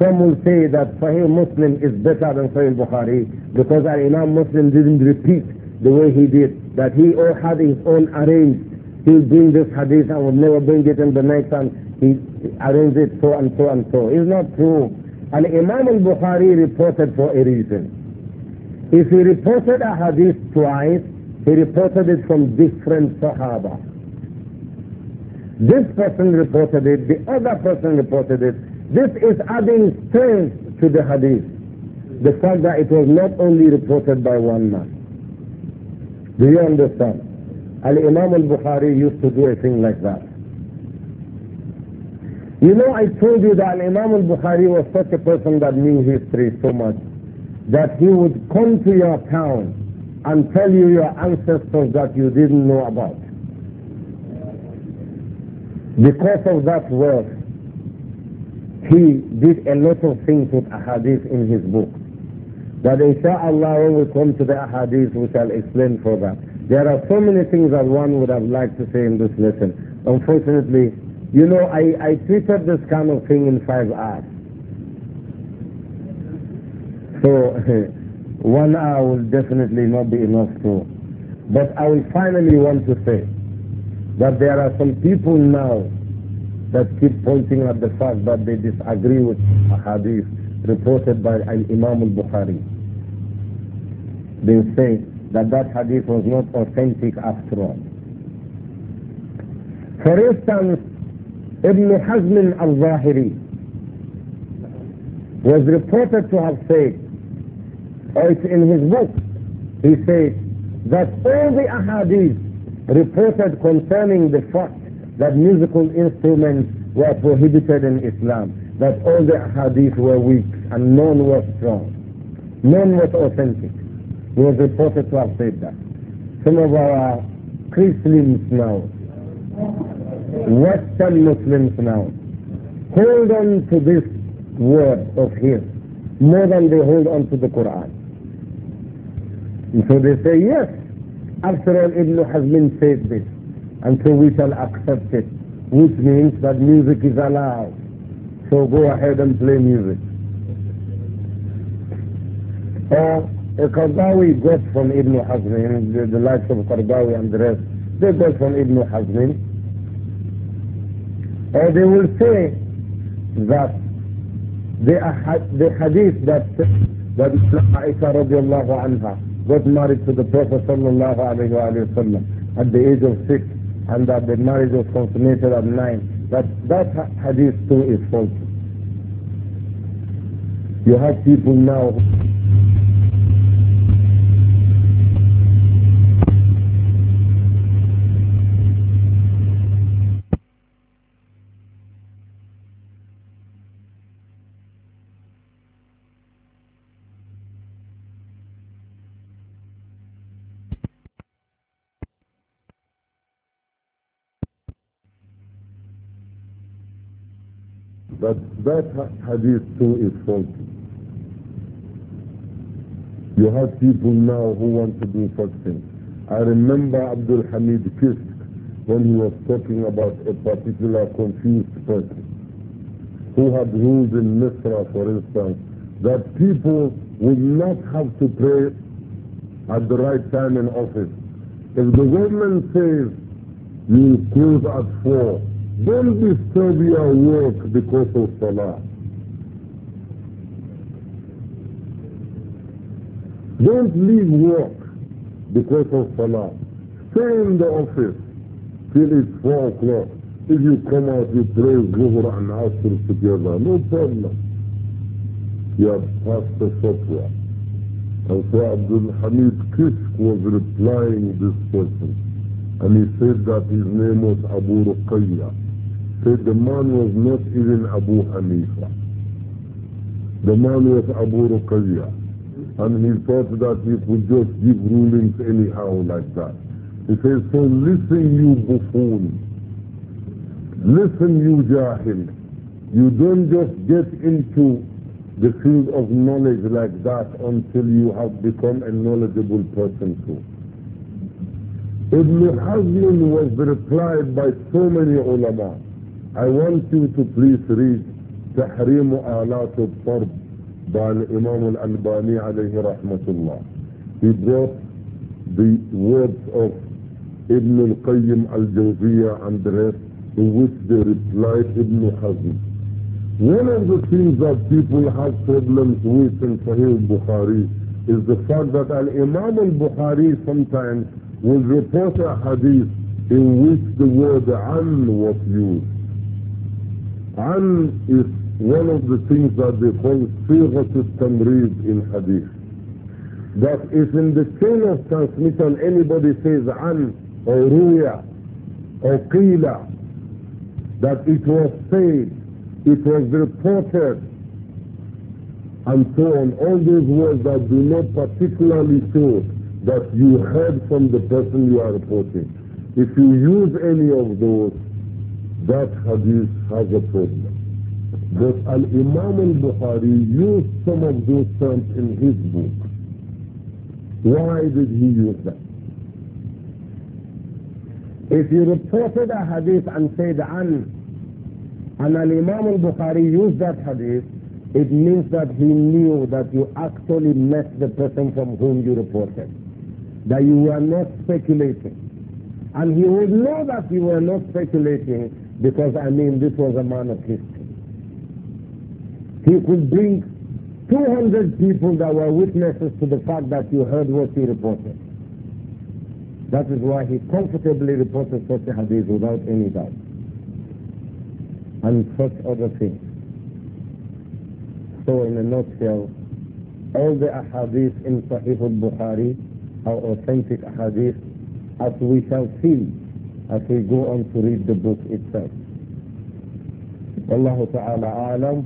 Some will say that Sahih Muslim is better than Sahih Bukhari because our Imam Muslim didn't repeat the way he did, that he all oh, had his own arranged. He'll bring this hadith and will never bring it in the next and he arranged it so and so and so. It's not true. And Imam al-Bukhari reported for a reason. If he reported a hadith twice, he reported it from different Sahaba. This person reported it, the other person reported it. This is adding strength to the hadith. The fact that it was not only reported by one man. Do you understand? Al-Imam al-Bukhari used to do a thing like that. You know, I told you that Imam al-Bukhari was such a person that knew history so much that he would come to your town and tell you your ancestors that you didn't know about. Because of that work, he did a lot of things with ahadith in his book. But inshallah, when we come to the ahadith, we shall explain further. There are so many things that one would have liked to say in this lesson. Unfortunately, you know, I, I treated this kind of thing in five hours. So one hour will definitely not be enough to. But I will finally want to say that there are some people now that keep pointing at the fact that they disagree with a hadith reported by an Imam al-Bukhari. They say that that hadith was not authentic after all. For instance, Ibn Hazm al-Zahiri was reported to have said it's in his book. He says that all the ahadith reported concerning the fact that musical instruments were prohibited in Islam, that all the ahadith were weak and none was strong. None was authentic. He was reported to have said that. Some of our Christians now, Western Muslims now, hold on to this word of his more than they hold on to the Quran. And so they say, yes, after all, Ibn Hazm said this, and so we shall accept it, which means that music is allowed. So go ahead and play music. Uh, Qardawi got from Ibn Hazm, the, the likes of Qardawi and the rest, they got from Ibn Hazm. Uh, they will say that the, the hadith that that Aisha radiallahu anha got married to the Prophet sallallahu alayhi wa at the age of six and that the marriage was consummated at nine. That, that hadith too is false. You have people now But that hadith too is faulty. You have people now who want to do things. I remember Abdul Hamid Fisk when he was talking about a particular confused person who had ruled in Misra, for instance, that people would not have to pray at the right time in office. If the government says you close at four, don't disturb your work because of Salah. Don't leave work because of Salah. Stay in the office till it's 4 o'clock. If you come out, you pray Zuhr and Asr together. No problem. You have passed the fatwa. And so Abdul Hamid Kishk was replying this person. And he said that his name was Abu Ruqayyah said the man was not even Abu Hanifa. The man was Abu Ruqayya. And he thought that he could just give rulings anyhow like that. He says, so listen you buffoon. Listen you jahil. You don't just get into the field of knowledge like that until you have become a knowledgeable person too. Ibn Hazm was replied by so many ulama. I want you to please read تحريم آلات الطرب by Imam al-Albani رحمة الله. He brought the words of Ibn al-Qayyim al-Jawziyah and the rest in which they replied Ibn Hazm. One of the things that people have problems with in Sahih Bukhari is the fact that al-Imam al-Bukhari sometimes will report a hadith in which the word an was used. عن is one of the things that they call system التمريض in hadith. That if in the chain of transmission anybody says عن or روية or قيل that it was said, it was reported and so on, all those words that do not particularly show that you heard from the person you are reporting. If you use any of those, that hadith has a problem. But Al-Imam al-Bukhari used some of those terms in his book. Why did he use them? If you reported a hadith and said an, and Al-Imam al-Bukhari used that hadith, it means that he knew that you actually met the person from whom you reported. That you were not speculating. And he would know that you were not speculating because, I mean, this was a man of history. He could bring 200 people that were witnesses to the fact that you heard what he reported. That is why he comfortably reported such a hadith without any doubt. And such other things. So in a nutshell, all the ahadith in Sahih al-Bukhari are authentic ahadith as we shall see as we go on to read the book itself. Wallahu ta'ala alam.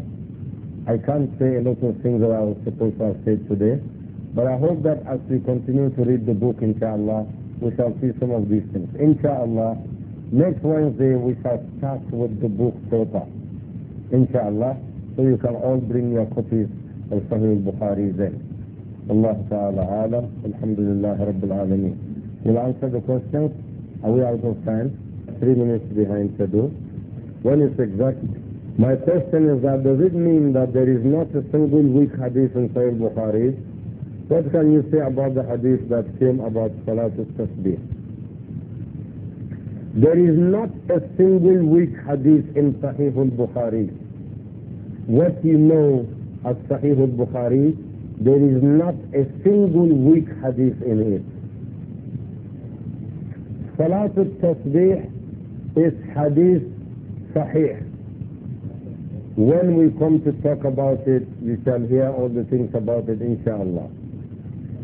I can't say a lot of things that I was supposed to have said today, but I hope that as we continue to read the book, inshallah, we shall see some of these things. Inshallah, next Wednesday we shall start with the book proper. Inshallah, so you can all bring your copies of Sahih al-Bukhari then. Allah ta'ala alam. Alhamdulillah Rabbil Alameen. You will answer the questions. Are we out of time? Three minutes behind schedule. is exact? My question is that does it mean that there is not a single weak hadith in Sahih Bukhari? What can you say about the hadith that came about Salatul Tasbih? There is not a single weak hadith in Sahih al-Bukhari. What you know of Sahih al-Bukhari, there is not a single weak hadith in it. Salat al-Tasbih is hadith sahih. When we come to talk about it, you shall hear all the things about it, inshallah.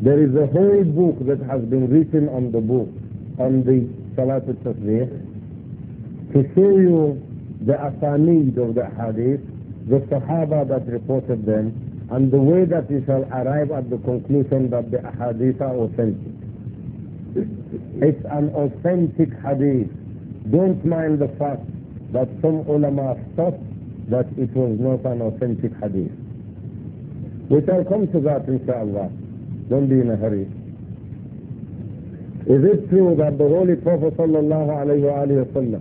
There is a whole book that has been written on the book, on the Salat al-Tasbih, to show you the asanid of the hadith, the sahaba that reported them, and the way that you shall arrive at the conclusion that the hadith are authentic. It's an authentic hadith. Don't mind the fact that some ulama thought that it was not an authentic hadith. We shall come to that Allah. Don't be in a hurry. Is it true that the Holy Prophet sallallahu alayhi wa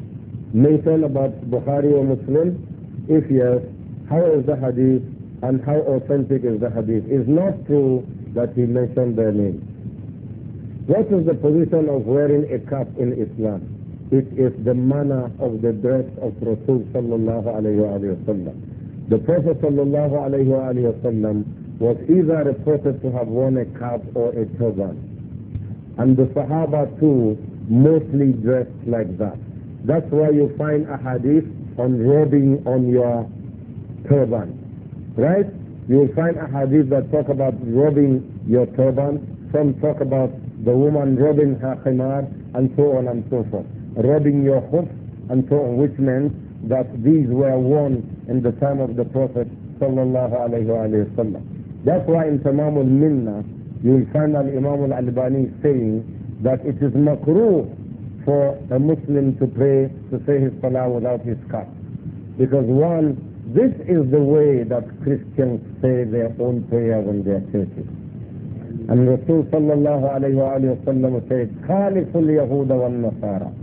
mentioned about Bukhari or Muslim? If yes, how is the hadith and how authentic is the hadith? It's not true that he mentioned their name. What is the position of wearing a cap in Islam? It is the manner of the dress of Rasul sallallahu alayhi wa sallam. The Prophet sallallahu alayhi wa sallam was either reported to have worn a cap or a turban. And the Sahaba too mostly dressed like that. That's why you find a hadith on rubbing on your turban. Right? You'll find a hadith that talk about rubbing your turban. Some talk about the woman rubbing her khimar, and so on and so forth. Rubbing your hoof, and so on, which meant that these were worn in the time of the Prophet sallallahu alayhi wa That's why in Tamam al-Minna, you will find al-Imam al-Albani saying that it is makruh for a Muslim to pray, to say his salah without his scarf. Because one, this is the way that Christians say their own prayers in their churches. And Rasul sallallahu alayhi wa, alayhi wa sallam said, Nasara.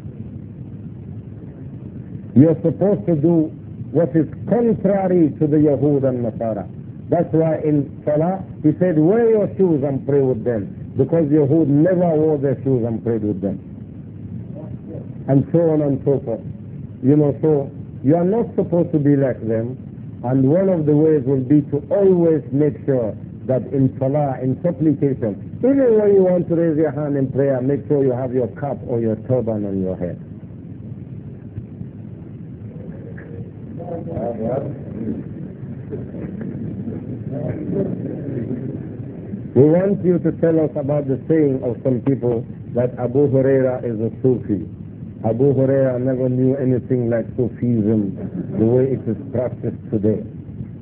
You're supposed to do what is contrary to the Yahud and Nasara. That's why in Salah, he said, wear your shoes and pray with them. Because Yahud never wore their shoes and prayed with them. And so on and so forth. You know, so you are not supposed to be like them. And one of the ways will be to always make sure that in salah, in supplication, even when you want to raise your hand in prayer, make sure you have your cap or your turban on your head. We want you to tell us about the saying of some people that Abu Huraira is a Sufi. Abu Huraira never knew anything like Sufism the way it is practiced today.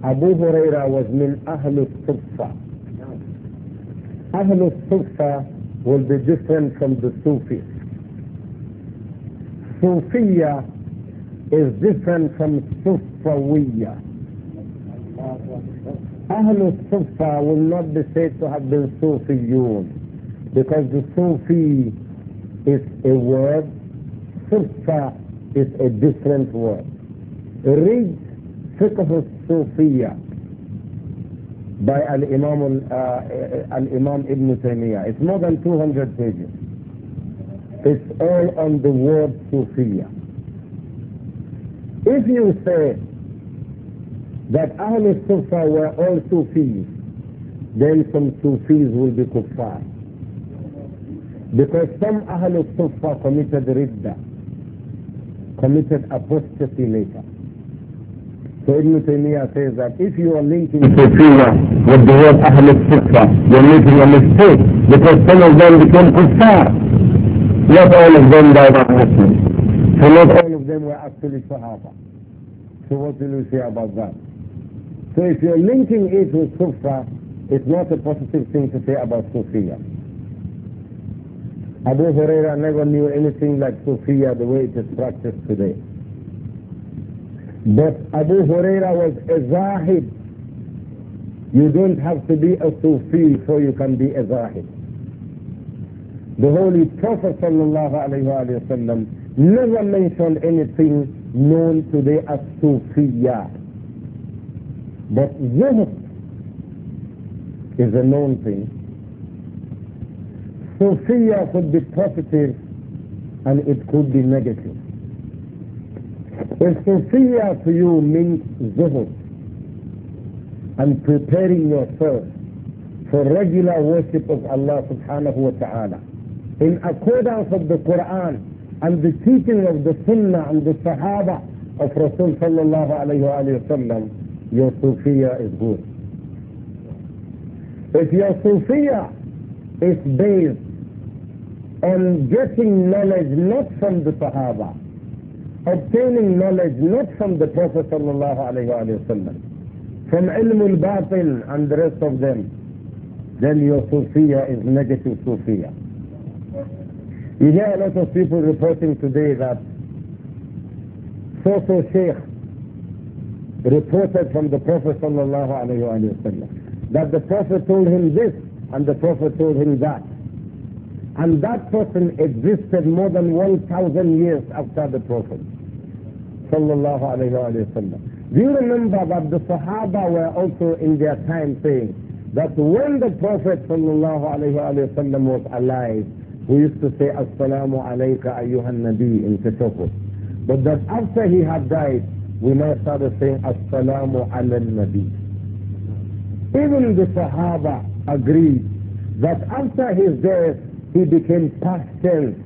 Abu Huraira was min Ahl al-Sufa. Ahl sufa will be different from the Sufis. Sufiya is different from Sufawiya. Ahl al-Sufa will not be said to have been Sufiyun because the Sufi is a word, Sufa is a different word. Read Fiqh الصوفية by Al-Imam uh, imam Ibn Taymiyyah. It's more than 200 pages. It's all on the word Sufiya. If you say that Ahl Sufa were all Sufis, then some Sufis will be kuffar. Because some Ahl Sufa committed ridda, committed apostasy later. So Ibn Taymiyyah says that if you are linking Sufiya with the word Ahl al you're making a mistake because some of them became kuffar. Not all of them died of Muslims. So not all of them were actually Sahaba. So what will you say about that? So if you're linking it with Sufra, it's not a positive thing to say about Sufiya. Abu Huraira never knew anything like Sufiya the way it is practiced today. But Abu Huraira was a Zahid. You don't have to be a Sufi so you can be a Zahid. The Holy Prophet وسلم, never mentioned anything known today as Sufiya. But Zuhd is a known thing. Sufiya could be positive and it could be negative. الصوفية to you means zuhud and preparing yourself for regular worship of Allah subhanahu wa ta'ala in accordance with the Quran and the teaching of the Sunnah and the Sahaba of Rasul sallallahu alayhi wa sallam your Sufiya is good. If your Sufiya is based on getting knowledge not from the Sahaba obtaining knowledge not from the Prophet وسلم, from ilm al-batil and the rest of them, then your Sufiya is negative Sufiya. You hear a lot of people reporting today that so-so Sheikh reported from the Prophet وسلم, that the Prophet told him this and the Prophet told him that. And that person existed more than 1,000 years after the Prophet. Do you remember that the Sahaba were also in their time saying that when the Prophet sallallahu was alive, we used to say, Assalamu alayka ayyuhan nabi in Tashahud. But that after he had died, we now started saying, Assalamu ala nabi. Even the Sahaba agreed that after his death, he became past tense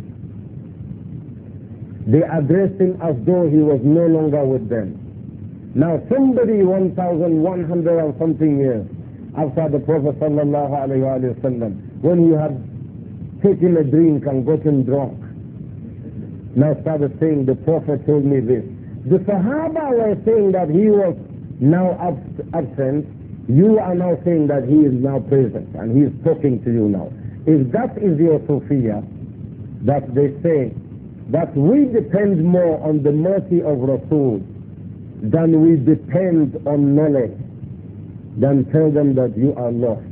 they addressed him as though he was no longer with them. Now somebody 1,100 or something years after the Prophet sallallahu when he had taken a drink and gotten drunk, now started saying, the Prophet told me this. The Sahaba were saying that he was now absent. You are now saying that he is now present and he is talking to you now. If that is your Sophia, that they say that we depend more on the mercy of Rasul than we depend on knowledge, then tell them that you are lost.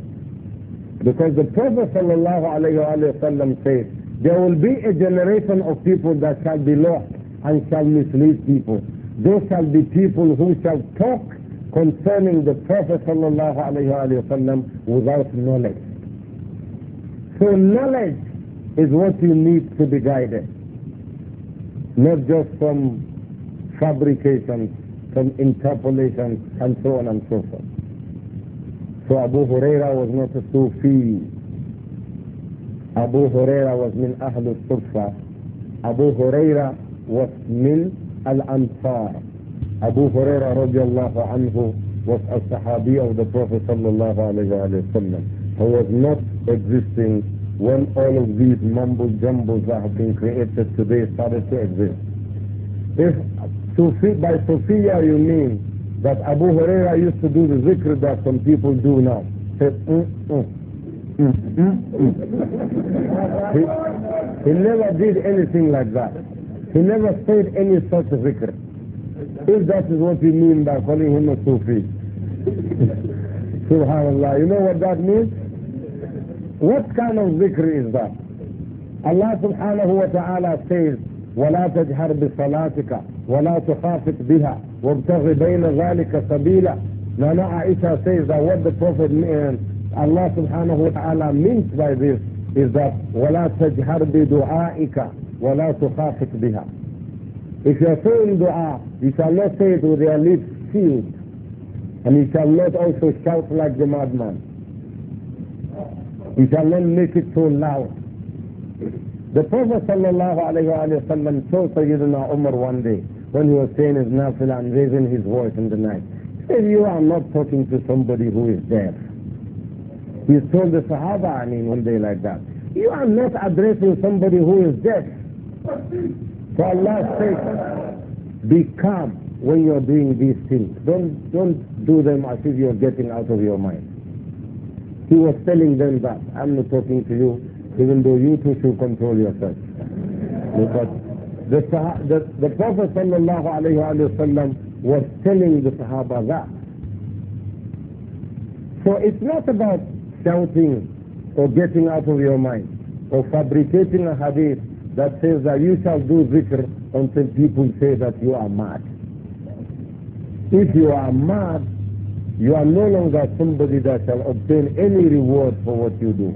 Because the Prophet ﷺ says, there will be a generation of people that shall be lost and shall mislead people. Those shall be people who shall talk concerning the Prophet ﷺ without knowledge. So knowledge is what you need to be guided not just from fabrications, from interpolations, and so on and so forth. So Abu Huraira was not a Sufi. Abu Huraira was min Ahl al-Sufa. Abu Huraira was min al-Ansar. Abu Huraira radiallahu anhu was a Sahabi of the Prophet sallallahu alayhi wa sallam. He was not existing when all of these mumbo jumbles that have been created today started to exist. If by Sufiya you mean that Abu Huraira used to do the zikr that some people do now. Mm mm, mm, mm, mm, he, he never did anything like that. He never said any such zikr. If that is what you mean by calling him a Sufi. Subhanallah. You know what that means? What kind of dhikr is that? Allah subhanahu wa ta'ala says, ولا تجهر بصلاتك ولا تخافت بها وابتغ بين ذلك سبيلا Nana Aisha says that what the Prophet meant, Allah subhanahu wa ta'ala means by this is that ولا تجهر بدعائك ولا تخافت بها If you are saying dua, you shall not say it with your lips sealed and you shall not also shout like the madman. We shall not make it so loud. The Prophet sallallahu wasallam told Sayyidina Umar one day when he was saying his nafila and raising his voice in the night. He said, you are not talking to somebody who is deaf. He told the Sahaba, I mean, one day like that. You are not addressing somebody who is deaf. For Allah's sake, be calm when you're doing these things. Don't, don't do them as if you're getting out of your mind. He was telling them that I'm not talking to you, even though you too should control yourself. But the, the, the Prophet sallallahu alayhi wa was telling the Sahaba that. So it's not about shouting or getting out of your mind or fabricating a hadith that says that you shall do zikr until people say that you are mad. If you are mad, you are no longer somebody that shall obtain any reward for what you do.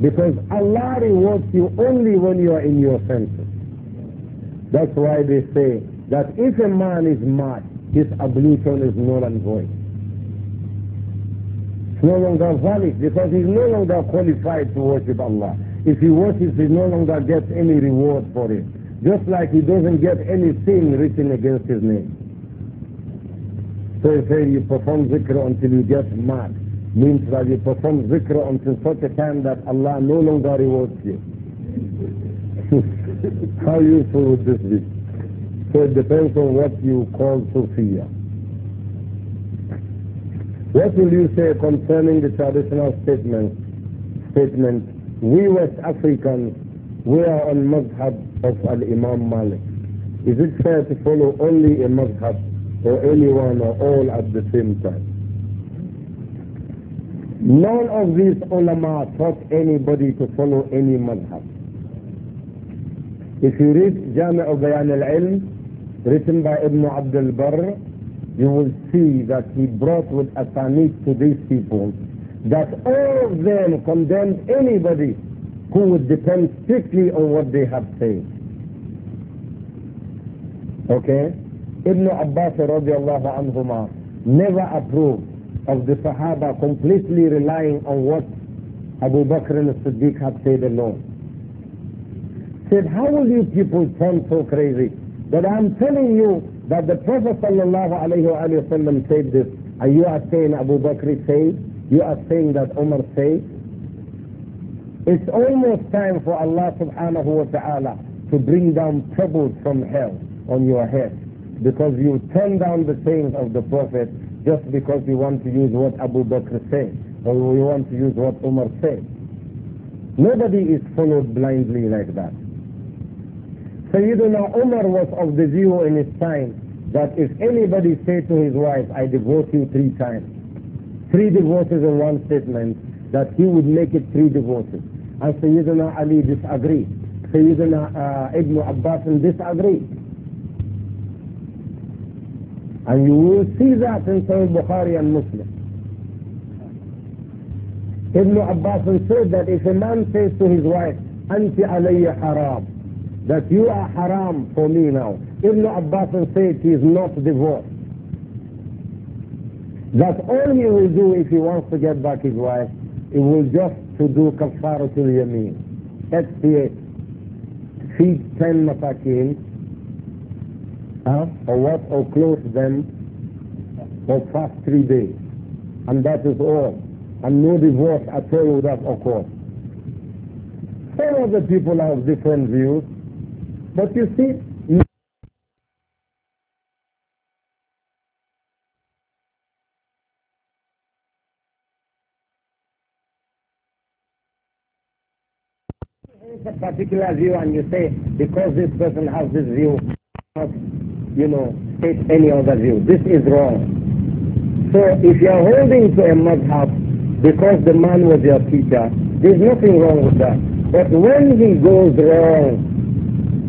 Because Allah rewards you only when you are in your senses. That's why they say that if a man is mad, his ablution is null and void. It's no longer valid because he's no longer qualified to worship Allah. If he worships, he no longer gets any reward for it. Just like he doesn't get any sin written against his name. So you say you perform zikr until you get mad. Means that you perform zikr until such a time that Allah no longer rewards you. How useful would this be? So it depends on what you call Sufiya. What will you say concerning the traditional statement? Statement: We West Africans, we are on madhab of Al Imam Malik. Is it fair to follow only a madhab? or anyone or all at the same time. None of these ulama taught anybody to follow any madhab. If you read Jami' Bayan al-Ilm, written by Ibn Abd al-Barr, you will see that he brought with asanid to these people that all of them condemned anybody who would depend strictly on what they have said. Okay? Ibn Abbas radiallahu anhuma never approved of the Sahaba completely relying on what Abu Bakr al-Siddiq had said alone. Said, how will you people turn so crazy? That I'm telling you that the Prophet sallallahu alayhi wa said this, and you are saying Abu Bakr said, you are saying that Umar said. It's almost time for Allah subhanahu wa ta'ala to bring down trouble from hell on your head because you turn down the sayings of the Prophet just because you want to use what Abu Bakr said or you want to use what Umar said. Nobody is followed blindly like that. Sayyidina Umar was of the view in his time that if anybody said to his wife, I divorce you three times, three divorces in one statement, that he would make it three divorces. And Sayyidina Ali disagreed. Sayyidina uh, Ibn Abbas disagreed. And you will see that in Sahih Bukhari and Muslim. Ibn Abbas said that if a man says to his wife, Anti alayya haram, that you are haram for me now. Ibn Abbas said he is not divorced. That all he will do if he wants to get back his wife, he will just to do kafaratul yameen. the Feed ten masakin huh? or what, or clothe them for past three days. And that is all. And no divorce at all would have occurred. Some of the people have different views, but you see, a particular view and you say, because this person has this view, you know, take any other view. This is wrong. So if you are holding to a madhab because the man was your teacher, there's nothing wrong with that. But when he goes wrong,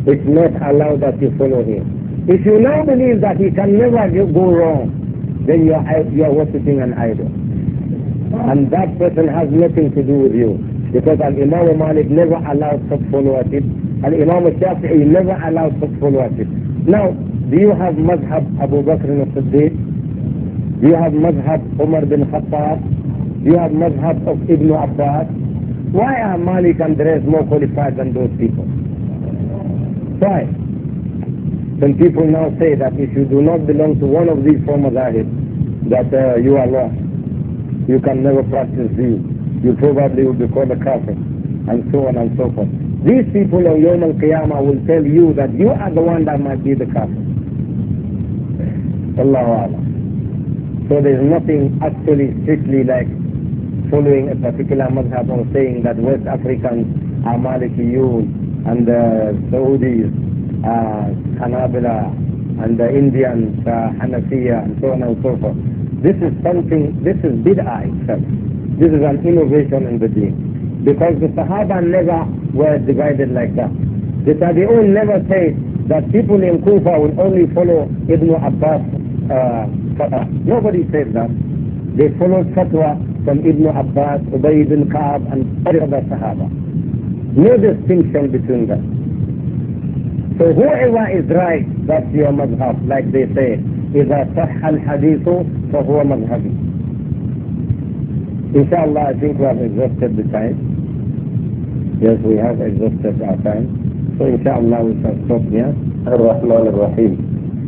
it's not allowed that you follow him. If you now believe that he can never go wrong, then you are, you are worshipping an idol. And that person has nothing to do with you. Because an imam Malik never allowed such followership. An imam Shafi'i never allowed such followership. Now, do you have Mazhab Abu Bakr al-Siddiq? Do you have Mazhab Umar bin Khattab? Do you have Mazhab of Ibn Abbas? Why are Malik and Dres more qualified than those people? Why? Some people now say that if you do not belong to one of these four mazahib, that uh, you are lost. You can never practice these. You probably will become a kafir. And so on and so forth. These people on Yom Al-Qiyamah will tell you that you are the one that might be the kafir. Allah So there's nothing actually strictly like following a particular madhab or saying that West Africans are Malikiyun and the Saudis are Hanabila and the Indians are Hanafiya and so on and so forth. This is something, this is bid'ah itself. This is an innovation in the deen. Because the Sahaba never were divided like that. The Tabi'un never said that people in Kufa will only follow Ibn Abbas uh, uh, Nobody said that. They followed fatwa from Ibn Abbas, Ubay ibn Ka'ab, and other Sahaba. No distinction between them. So whoever is right, that's your madhab, like they say. إذا صح الحديث فهو مذهبي. Inshallah, I think we have exhausted the time. Yes, we have exhausted our time. So inshallah we shall stop here. الرحمن الرحيم.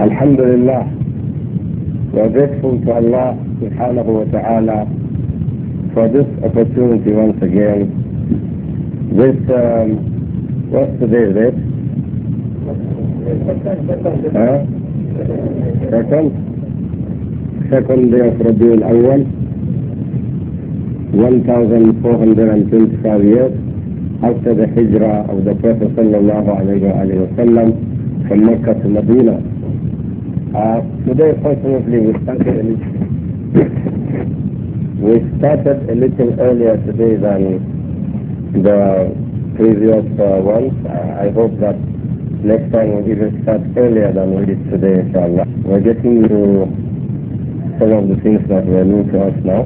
الحمد لله are grateful to Allah وتعالى for this opportunity once again. This, um, what's today's this Huh? Second? Second day of Rabiul Awwal, 1425 years after the hijrah of the Prophet sallallahu alayhi wa sallam from Mecca to Medina. Uh, today, fortunately, we started a little, we started a little earlier today than the previous uh, ones. Uh, I hope that next time we'll even start earlier than we did today, inshallah. We're getting to some of the things that were new to us now.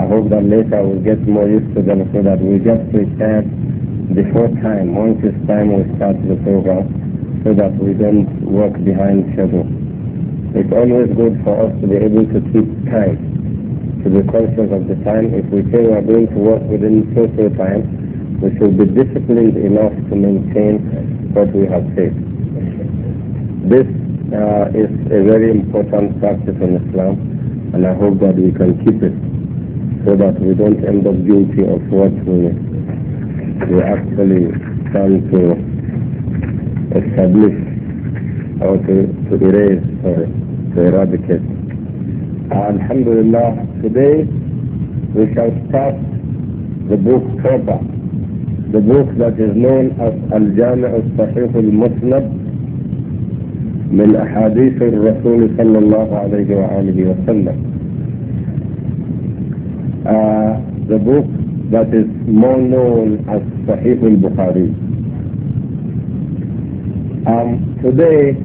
I hope that later we'll get more used to them so that we get prepared before time, once it's time we start the program, so that we don't work behind schedule. It's always good for us to be able to keep time, to be conscious of the time. If we say we are going to work within so so time, we should be disciplined enough to maintain what we have said. This uh, is a very important practice in Islam, and I hope that we can keep it so that we don't end up guilty of what we, we actually try to establish or to, to erase, sorry, to eradicate. Uh, Alhamdulillah, today we shall start the book proper, the book that is known as Al-Jami' al-Sahih al-Musnad من أحاديث الرسول صلى الله عليه وآله وسلم. Uh, the book that is more known as Sahih al-Bukhari. Um, today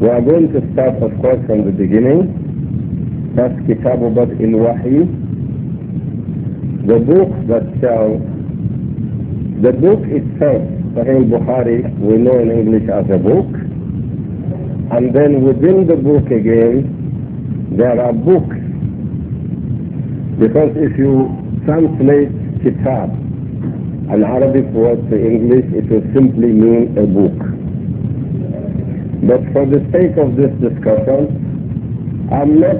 we are going to start, of course, from the beginning. That's Kitab Bad il Wahi, the book that shall, the book itself, Sahih Bukhari, we know in English as a book. And then within the book again, there are books. Because if you translate Kitab, an Arabic word to English, it will simply mean a book. But for the sake of this discussion, I'm not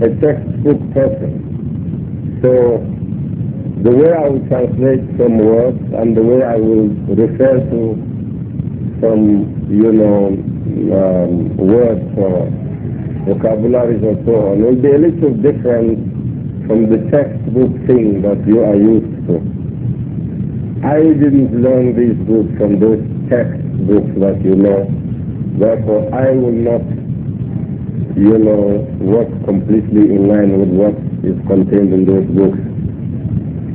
a textbook person. So the way I will translate some words and the way I will refer to some, you know, um, words or vocabularies or so on will be a little different from the textbook thing that you are used to. I didn't learn these books from those textbooks that you know Therefore, I will not, you know, work completely in line with what is contained in those books.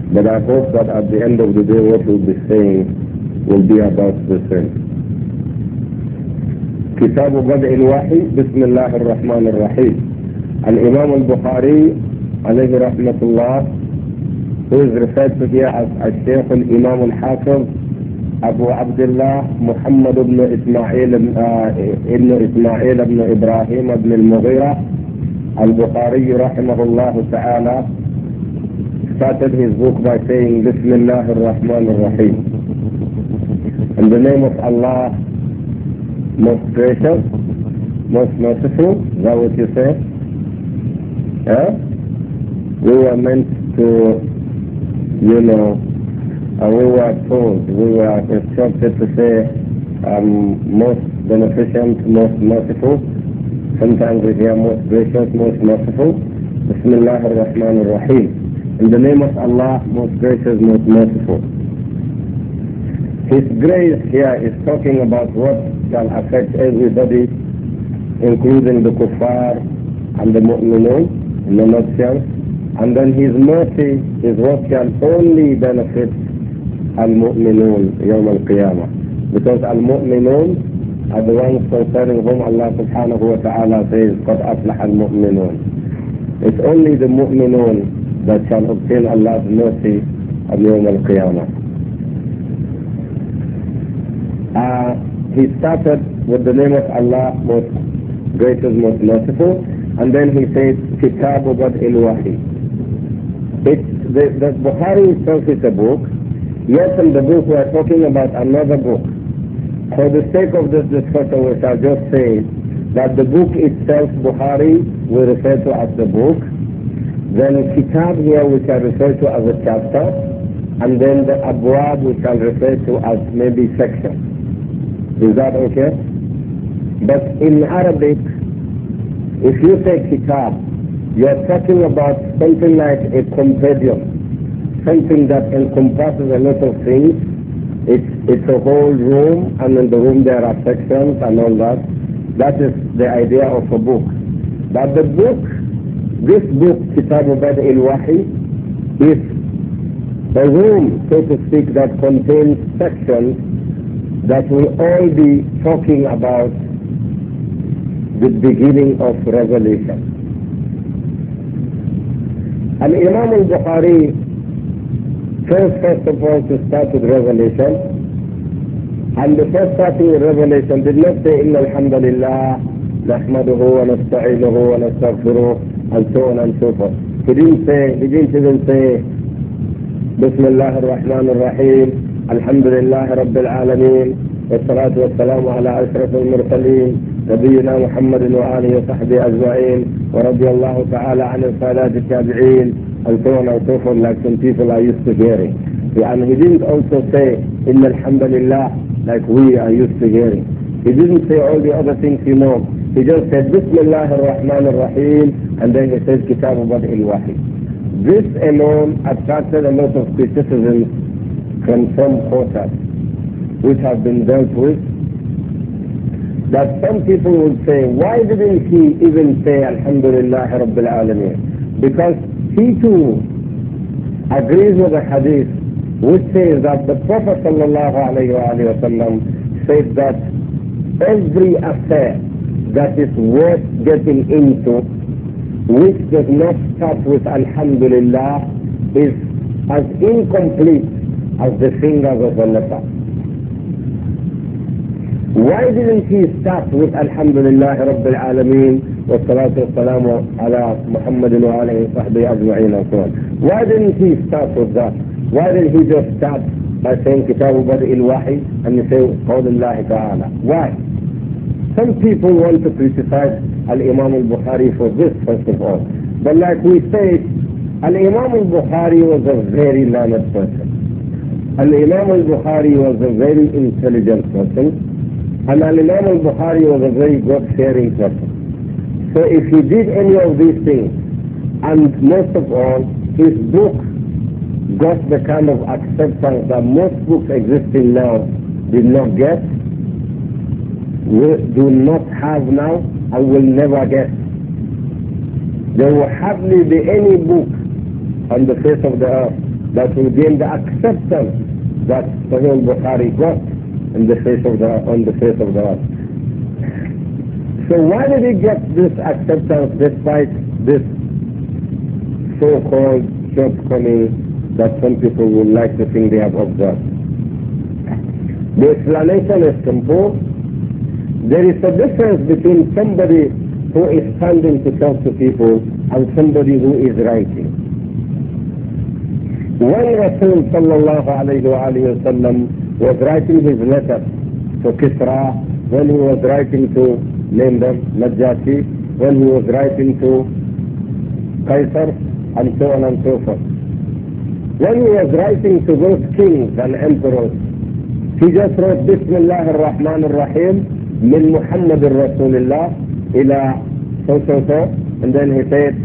But I hope that at the end of the day, what we'll be saying will be about the same. كتاب بدء الوحي بسم الله الرحمن الرحيم الإمام البخاري عليه رحمة الله who is referred to here as الشيخ الإمام الحافظ أبو عبد الله محمد بن إسماعيل بن إسماعيل بن إبراهيم بن المغيرة البخاري رحمه الله تعالى started his book by saying بسم الله الرحمن الرحيم In the name of Allah most gracious most merciful is that what you say yeah? we were meant to you know And we were told, we were instructed to say um, most beneficent, most merciful. Sometimes we hear most gracious, most merciful. Bismillah ar-Rahman ar-Rahim. In the name of Allah, most gracious, most merciful. His grace here is talking about what can affect everybody, including the kuffar and the mu'minun, in a nutshell. And then his mercy is what can only benefit al-mu'minun yawm Because al-mu'minun are the ones concerning whom Allah subhanahu wa ta'ala says, قَدْ أَفْلَحَ الْمُؤْمِنُونَ It's only the mu'minun that shall obtain Allah's mercy on يوم al Uh, he started with the name of Allah, most gracious, most merciful, and then he says, كِتَابُ بَدْءِ الْوَحِيِّ It's the, the Bukhari itself is a book Yes, in the book we are talking about another book. For the sake of this discussion, we shall just say that the book itself, Bukhari, we refer to as the book. Then Kitab here we shall refer to as a chapter. And then the Abwab we shall refer to as maybe section. Is that okay? But in Arabic, if you say Kitab, you are talking about something like a compendium something that encompasses a lot of things. It's, it's a whole room, and in the room there are sections and all that. That is the idea of a book. But the book, this book, Kitab Bad al-Wahi, is a room, so to speak, that contains sections that will all be talking about the beginning of revelation. And Imam al-Bukhari First, first of all, to start with Revelation. And before starting with Revelation, did not say, إِنَّ الْحَمْدَ لِلَّهِ نَحْمَدُهُ وَنَسْتَعِينُهُ وَنَسْتَغْفِرُهُ and so on and so forth. He didn't say, he didn't even say, بسم الله الرحمن الرحيم الحمد لله رب العالمين والصلاة والسلام على أشرف المرسلين نبينا محمد وآله وصحبه أجمعين ورضي الله تعالى عن الصلاة التابعين and so on and so forth like some people are used to hearing. And he didn't also say, alhamdulillah, like we are used to hearing. He didn't say all the other things you know. He just said, Bismillah ar-Rahman ar-Rahim, and then he says, Kitab al Wahid. This alone attracted a lot of criticism from some quarters, which have been dealt with, that some people would say, why didn't he even say Alhamdulillah Rabbil Alameen? Because he too agrees with the hadith which says that the Prophet ﷺ said that every affair that is worth getting into which does not start with Alhamdulillah is as incomplete as the fingers of a leper. Why didn't he start with Alhamdulillah Rabbil Alameen والصلاة والسلام على محمد أجمعين Why didn't he start with that? Why didn't he just start by saying كتاب بدء الوحي and you say قول الله تعالى? Why? Some people want to criticize Al-Imam al-Bukhari for this first of all. But like we said, Al-Imam al-Bukhari was a very learned person. Al-Imam al-Bukhari was a very intelligent person. And Al-Imam al-Bukhari was a very God-fearing person. So if he did any of these things, and most of all, his book got the kind of acceptance that most books existing now did not get, will, do not have now, and will never get. There will hardly be any book on the face of the earth that will gain the acceptance that Sahih Bukhari got in the face of the, on the face of the earth. So why did he get this acceptance despite this so-called shortcoming that some people would like to think they have observed? The explanation is simple. There is a difference between somebody who is standing to talk to people and somebody who is writing. When Rasul sallallahu alayhi wa sallam was writing his letter to Kisra, when he was writing to named as Najjati when he was writing to Caesar and so on and so forth. When he was writing to those kings and emperors, he just wrote Bismillah ar-Rahman ar-Rahim min Muhammad الله ila so so so and then he said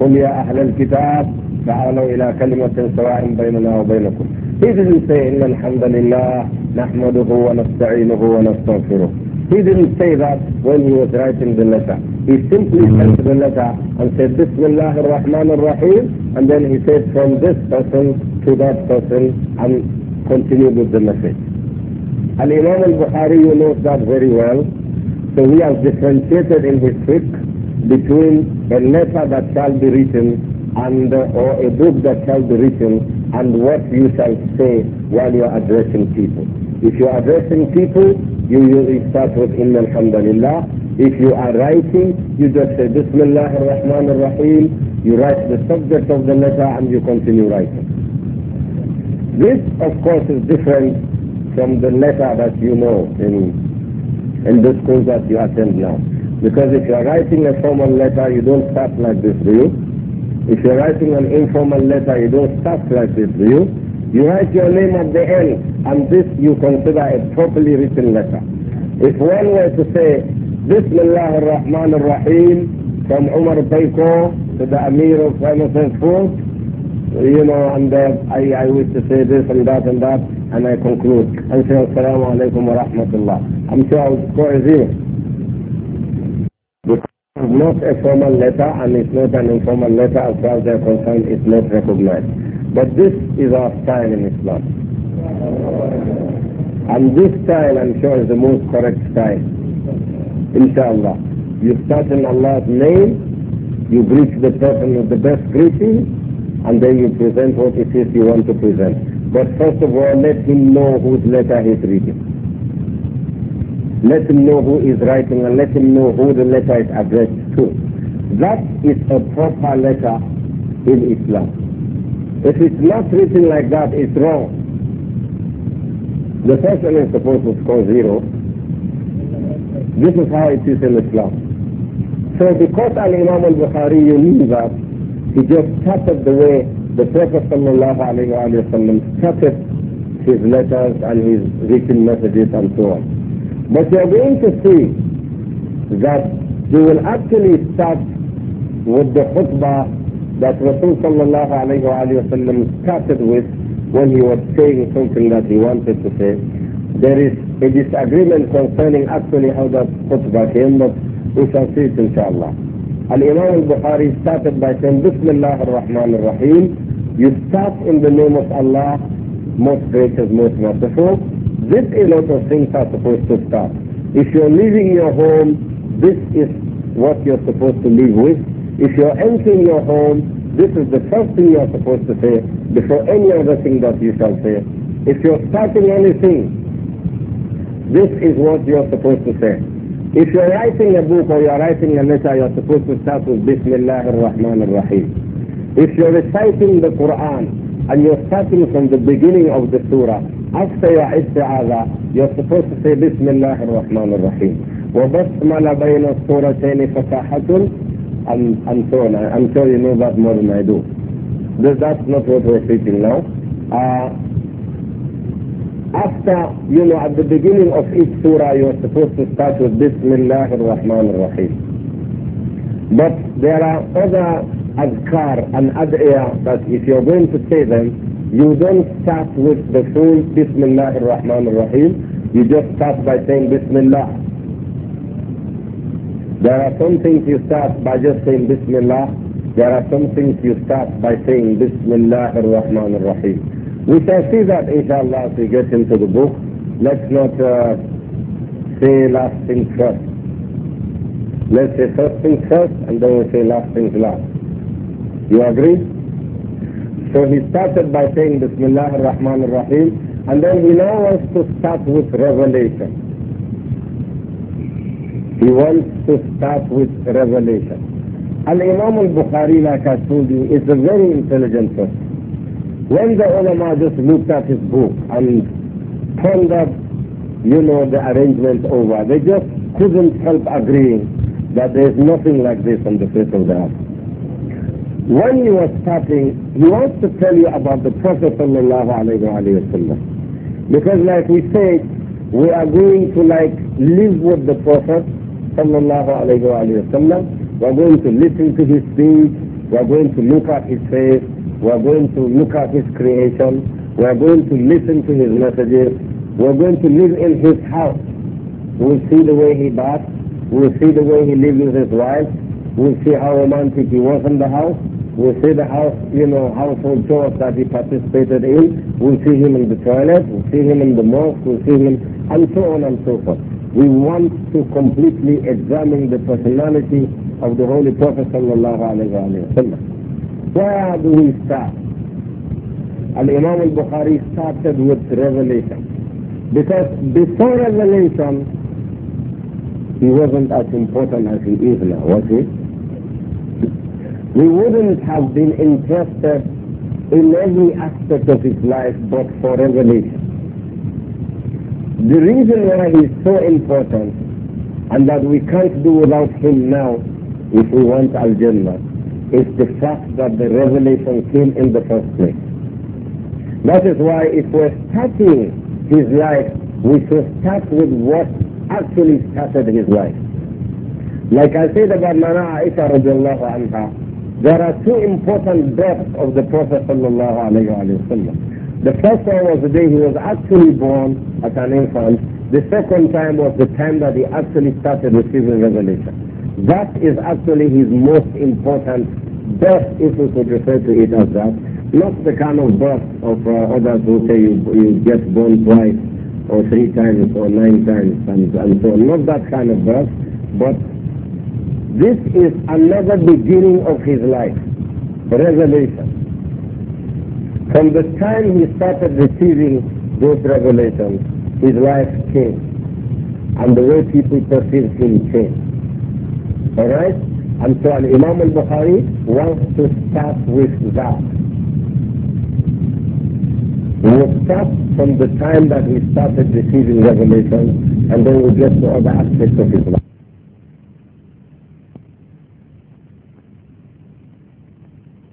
قل يا أهل الكتاب تعالوا إلى كلمة سواء بيننا وبينكم. He didn't say إن الحمد لله نحمده ونستعينه ونستغفره. He didn't say that when he was writing the letter. He simply mm-hmm. sent the letter and said, Bismillah ar-Rahman ar-Rahim, and then he said, from this person to that person, and continued with the message. And imam al-Bukhari, you know that very well. So he has differentiated in his fiqh between a letter that shall be written and uh, or a book that shall be written and what you shall say while you are addressing people. If you are addressing people, you usually start with Inna Alhamdulillah. If you are writing, you just say Bismillah ar-Rahman ar-Rahim. You write the subject of the letter and you continue writing. This, of course, is different from the letter that you know in, in the schools that you attend now. Because if you are writing a formal letter, you don't start like this, do you? If you're writing an informal letter, you don't start like this, do you? You write your name at the end, and this you consider a properly written letter. If one were to say, Bismillah ar-Rahman ar-Rahim, from Umar Baiko to the Amir of Emerson Ford, you know, and uh, I, I wish to say this and that and that, and I conclude. And say, Assalamu alaikum wa rahmatullah. I'm sure I'll score a zero not a formal letter and it's not an informal letter as far as they're concerned, it's not recognized. But this is our style in Islam. And this style, I'm sure, is the most correct style. Inshallah. You start in Allah's name, you greet the person with the best greeting, and then you present what it is you want to present. But first of all, let him know whose letter he's reading. Let him know who is writing and let him know who the letter is addressed to. That is a proper letter in Islam. If it's not written like that, it's wrong. The person is supposed to score zero. This is how it is in Islam. So because Al-Imam al-Bukhari knew that, he just started the way the Prophet sallallahu alayhi wa started his letters and his written messages and so on. But you're going to see that you will actually start with the khutbah that Rasul started with when he was saying something that he wanted to say. There is a disagreement concerning actually how that khutbah came, but we shall see it inshallah. Al-Imam al-Bukhari started by saying, Bismillah ar-Rahman ar-Rahim. You start in the name of Allah, most gracious, most merciful. This a lot of things are supposed to start. If you're leaving your home, this is what you're supposed to leave with. If you're entering your home, this is the first thing you're supposed to say before any other thing that you shall say. If you're starting anything, this is what you're supposed to say. If you're writing a book or you're writing a letter, you're supposed to start with Bismillah ar-Rahman ar-Rahim. If you're reciting the Quran and you're starting from the beginning of the surah, حتى يعد هذا يصفوه في بسم الله الرحمن الرحيم وبسمل بين الصورتين فتاحة أمتون أمتون sure, I'm sure This is not what we're speaking now. Uh, after, you know, at the beginning of each surah, you are supposed to start with Bismillah ar-Rahman ar-Rahim. But there are other adhkar and ad'iyah that if you're going to say them, You don't start with the full Bismillah ar-Rahman ar-Rahim. You just start by saying Bismillah. There are some things you start by just saying Bismillah. There are some things you start by saying Bismillah ar-Rahman ar-Rahim. We shall see that inshallah as we get into the book. Let's not uh, say last things first. Let's say first things first and then we say last things last. You agree? So he started by saying Bismillah ar-Rahman ar-Rahim and then he now wants to start with revelation. He wants to start with revelation. Al-Imam al-Bukhari, like I told you, is a very intelligent person. When the ulama just looked at his book and turned up, you know, the arrangement over, they just couldn't help agreeing that there is nothing like this on the face of the earth when you are starting, he wants to tell you about the Prophet sallallahu Because like we say, we are going to like live with the Prophet sallallahu alayhi wa We are going to listen to his speech. We are going to look at his face. We are going to look at his creation. We are going to listen to his messages. We are going to live in his house. We'll see the way he bathed. We'll see the way he lived with his wife. We'll see how romantic he was in the house. We'll see the house, you know, household chores that he participated in. We'll see him in the toilet. We'll see him in the mosque. We'll see him, and so on and so forth. We want to completely examine the personality of the Holy Prophet sallallahu alaihi wasallam. Where do we start? And Imam al-Bukhari started with revelation. Because before revelation, he wasn't as important as he is now, was he? we wouldn't have been interested in every aspect of his life but for revelation. The reason why he is so important and that we can't do without him now if we want Al-Jannah is the fact that the revelation came in the first place. That is why if we're starting his life, we should start with what actually started his life. Like I said about Nana Aisha radiallahu anha, there are two important deaths of the Prophet sallallahu The first one was the day he was actually born as an infant. The second time was the time that he actually started receiving revelation. That is actually his most important death, if we could refer to it as that. Not the kind of birth of uh, others who say you, you get born twice or three times or nine times and, and so on. Not that kind of birth, but this is another beginning of his life, revelation. From the time he started receiving those revelations, his life changed. And the way people perceive him changed. Alright? And so an Imam al-Bukhari wants to start with that. We'll start from the time that he started receiving revelation and then we'll get to other aspects of his life.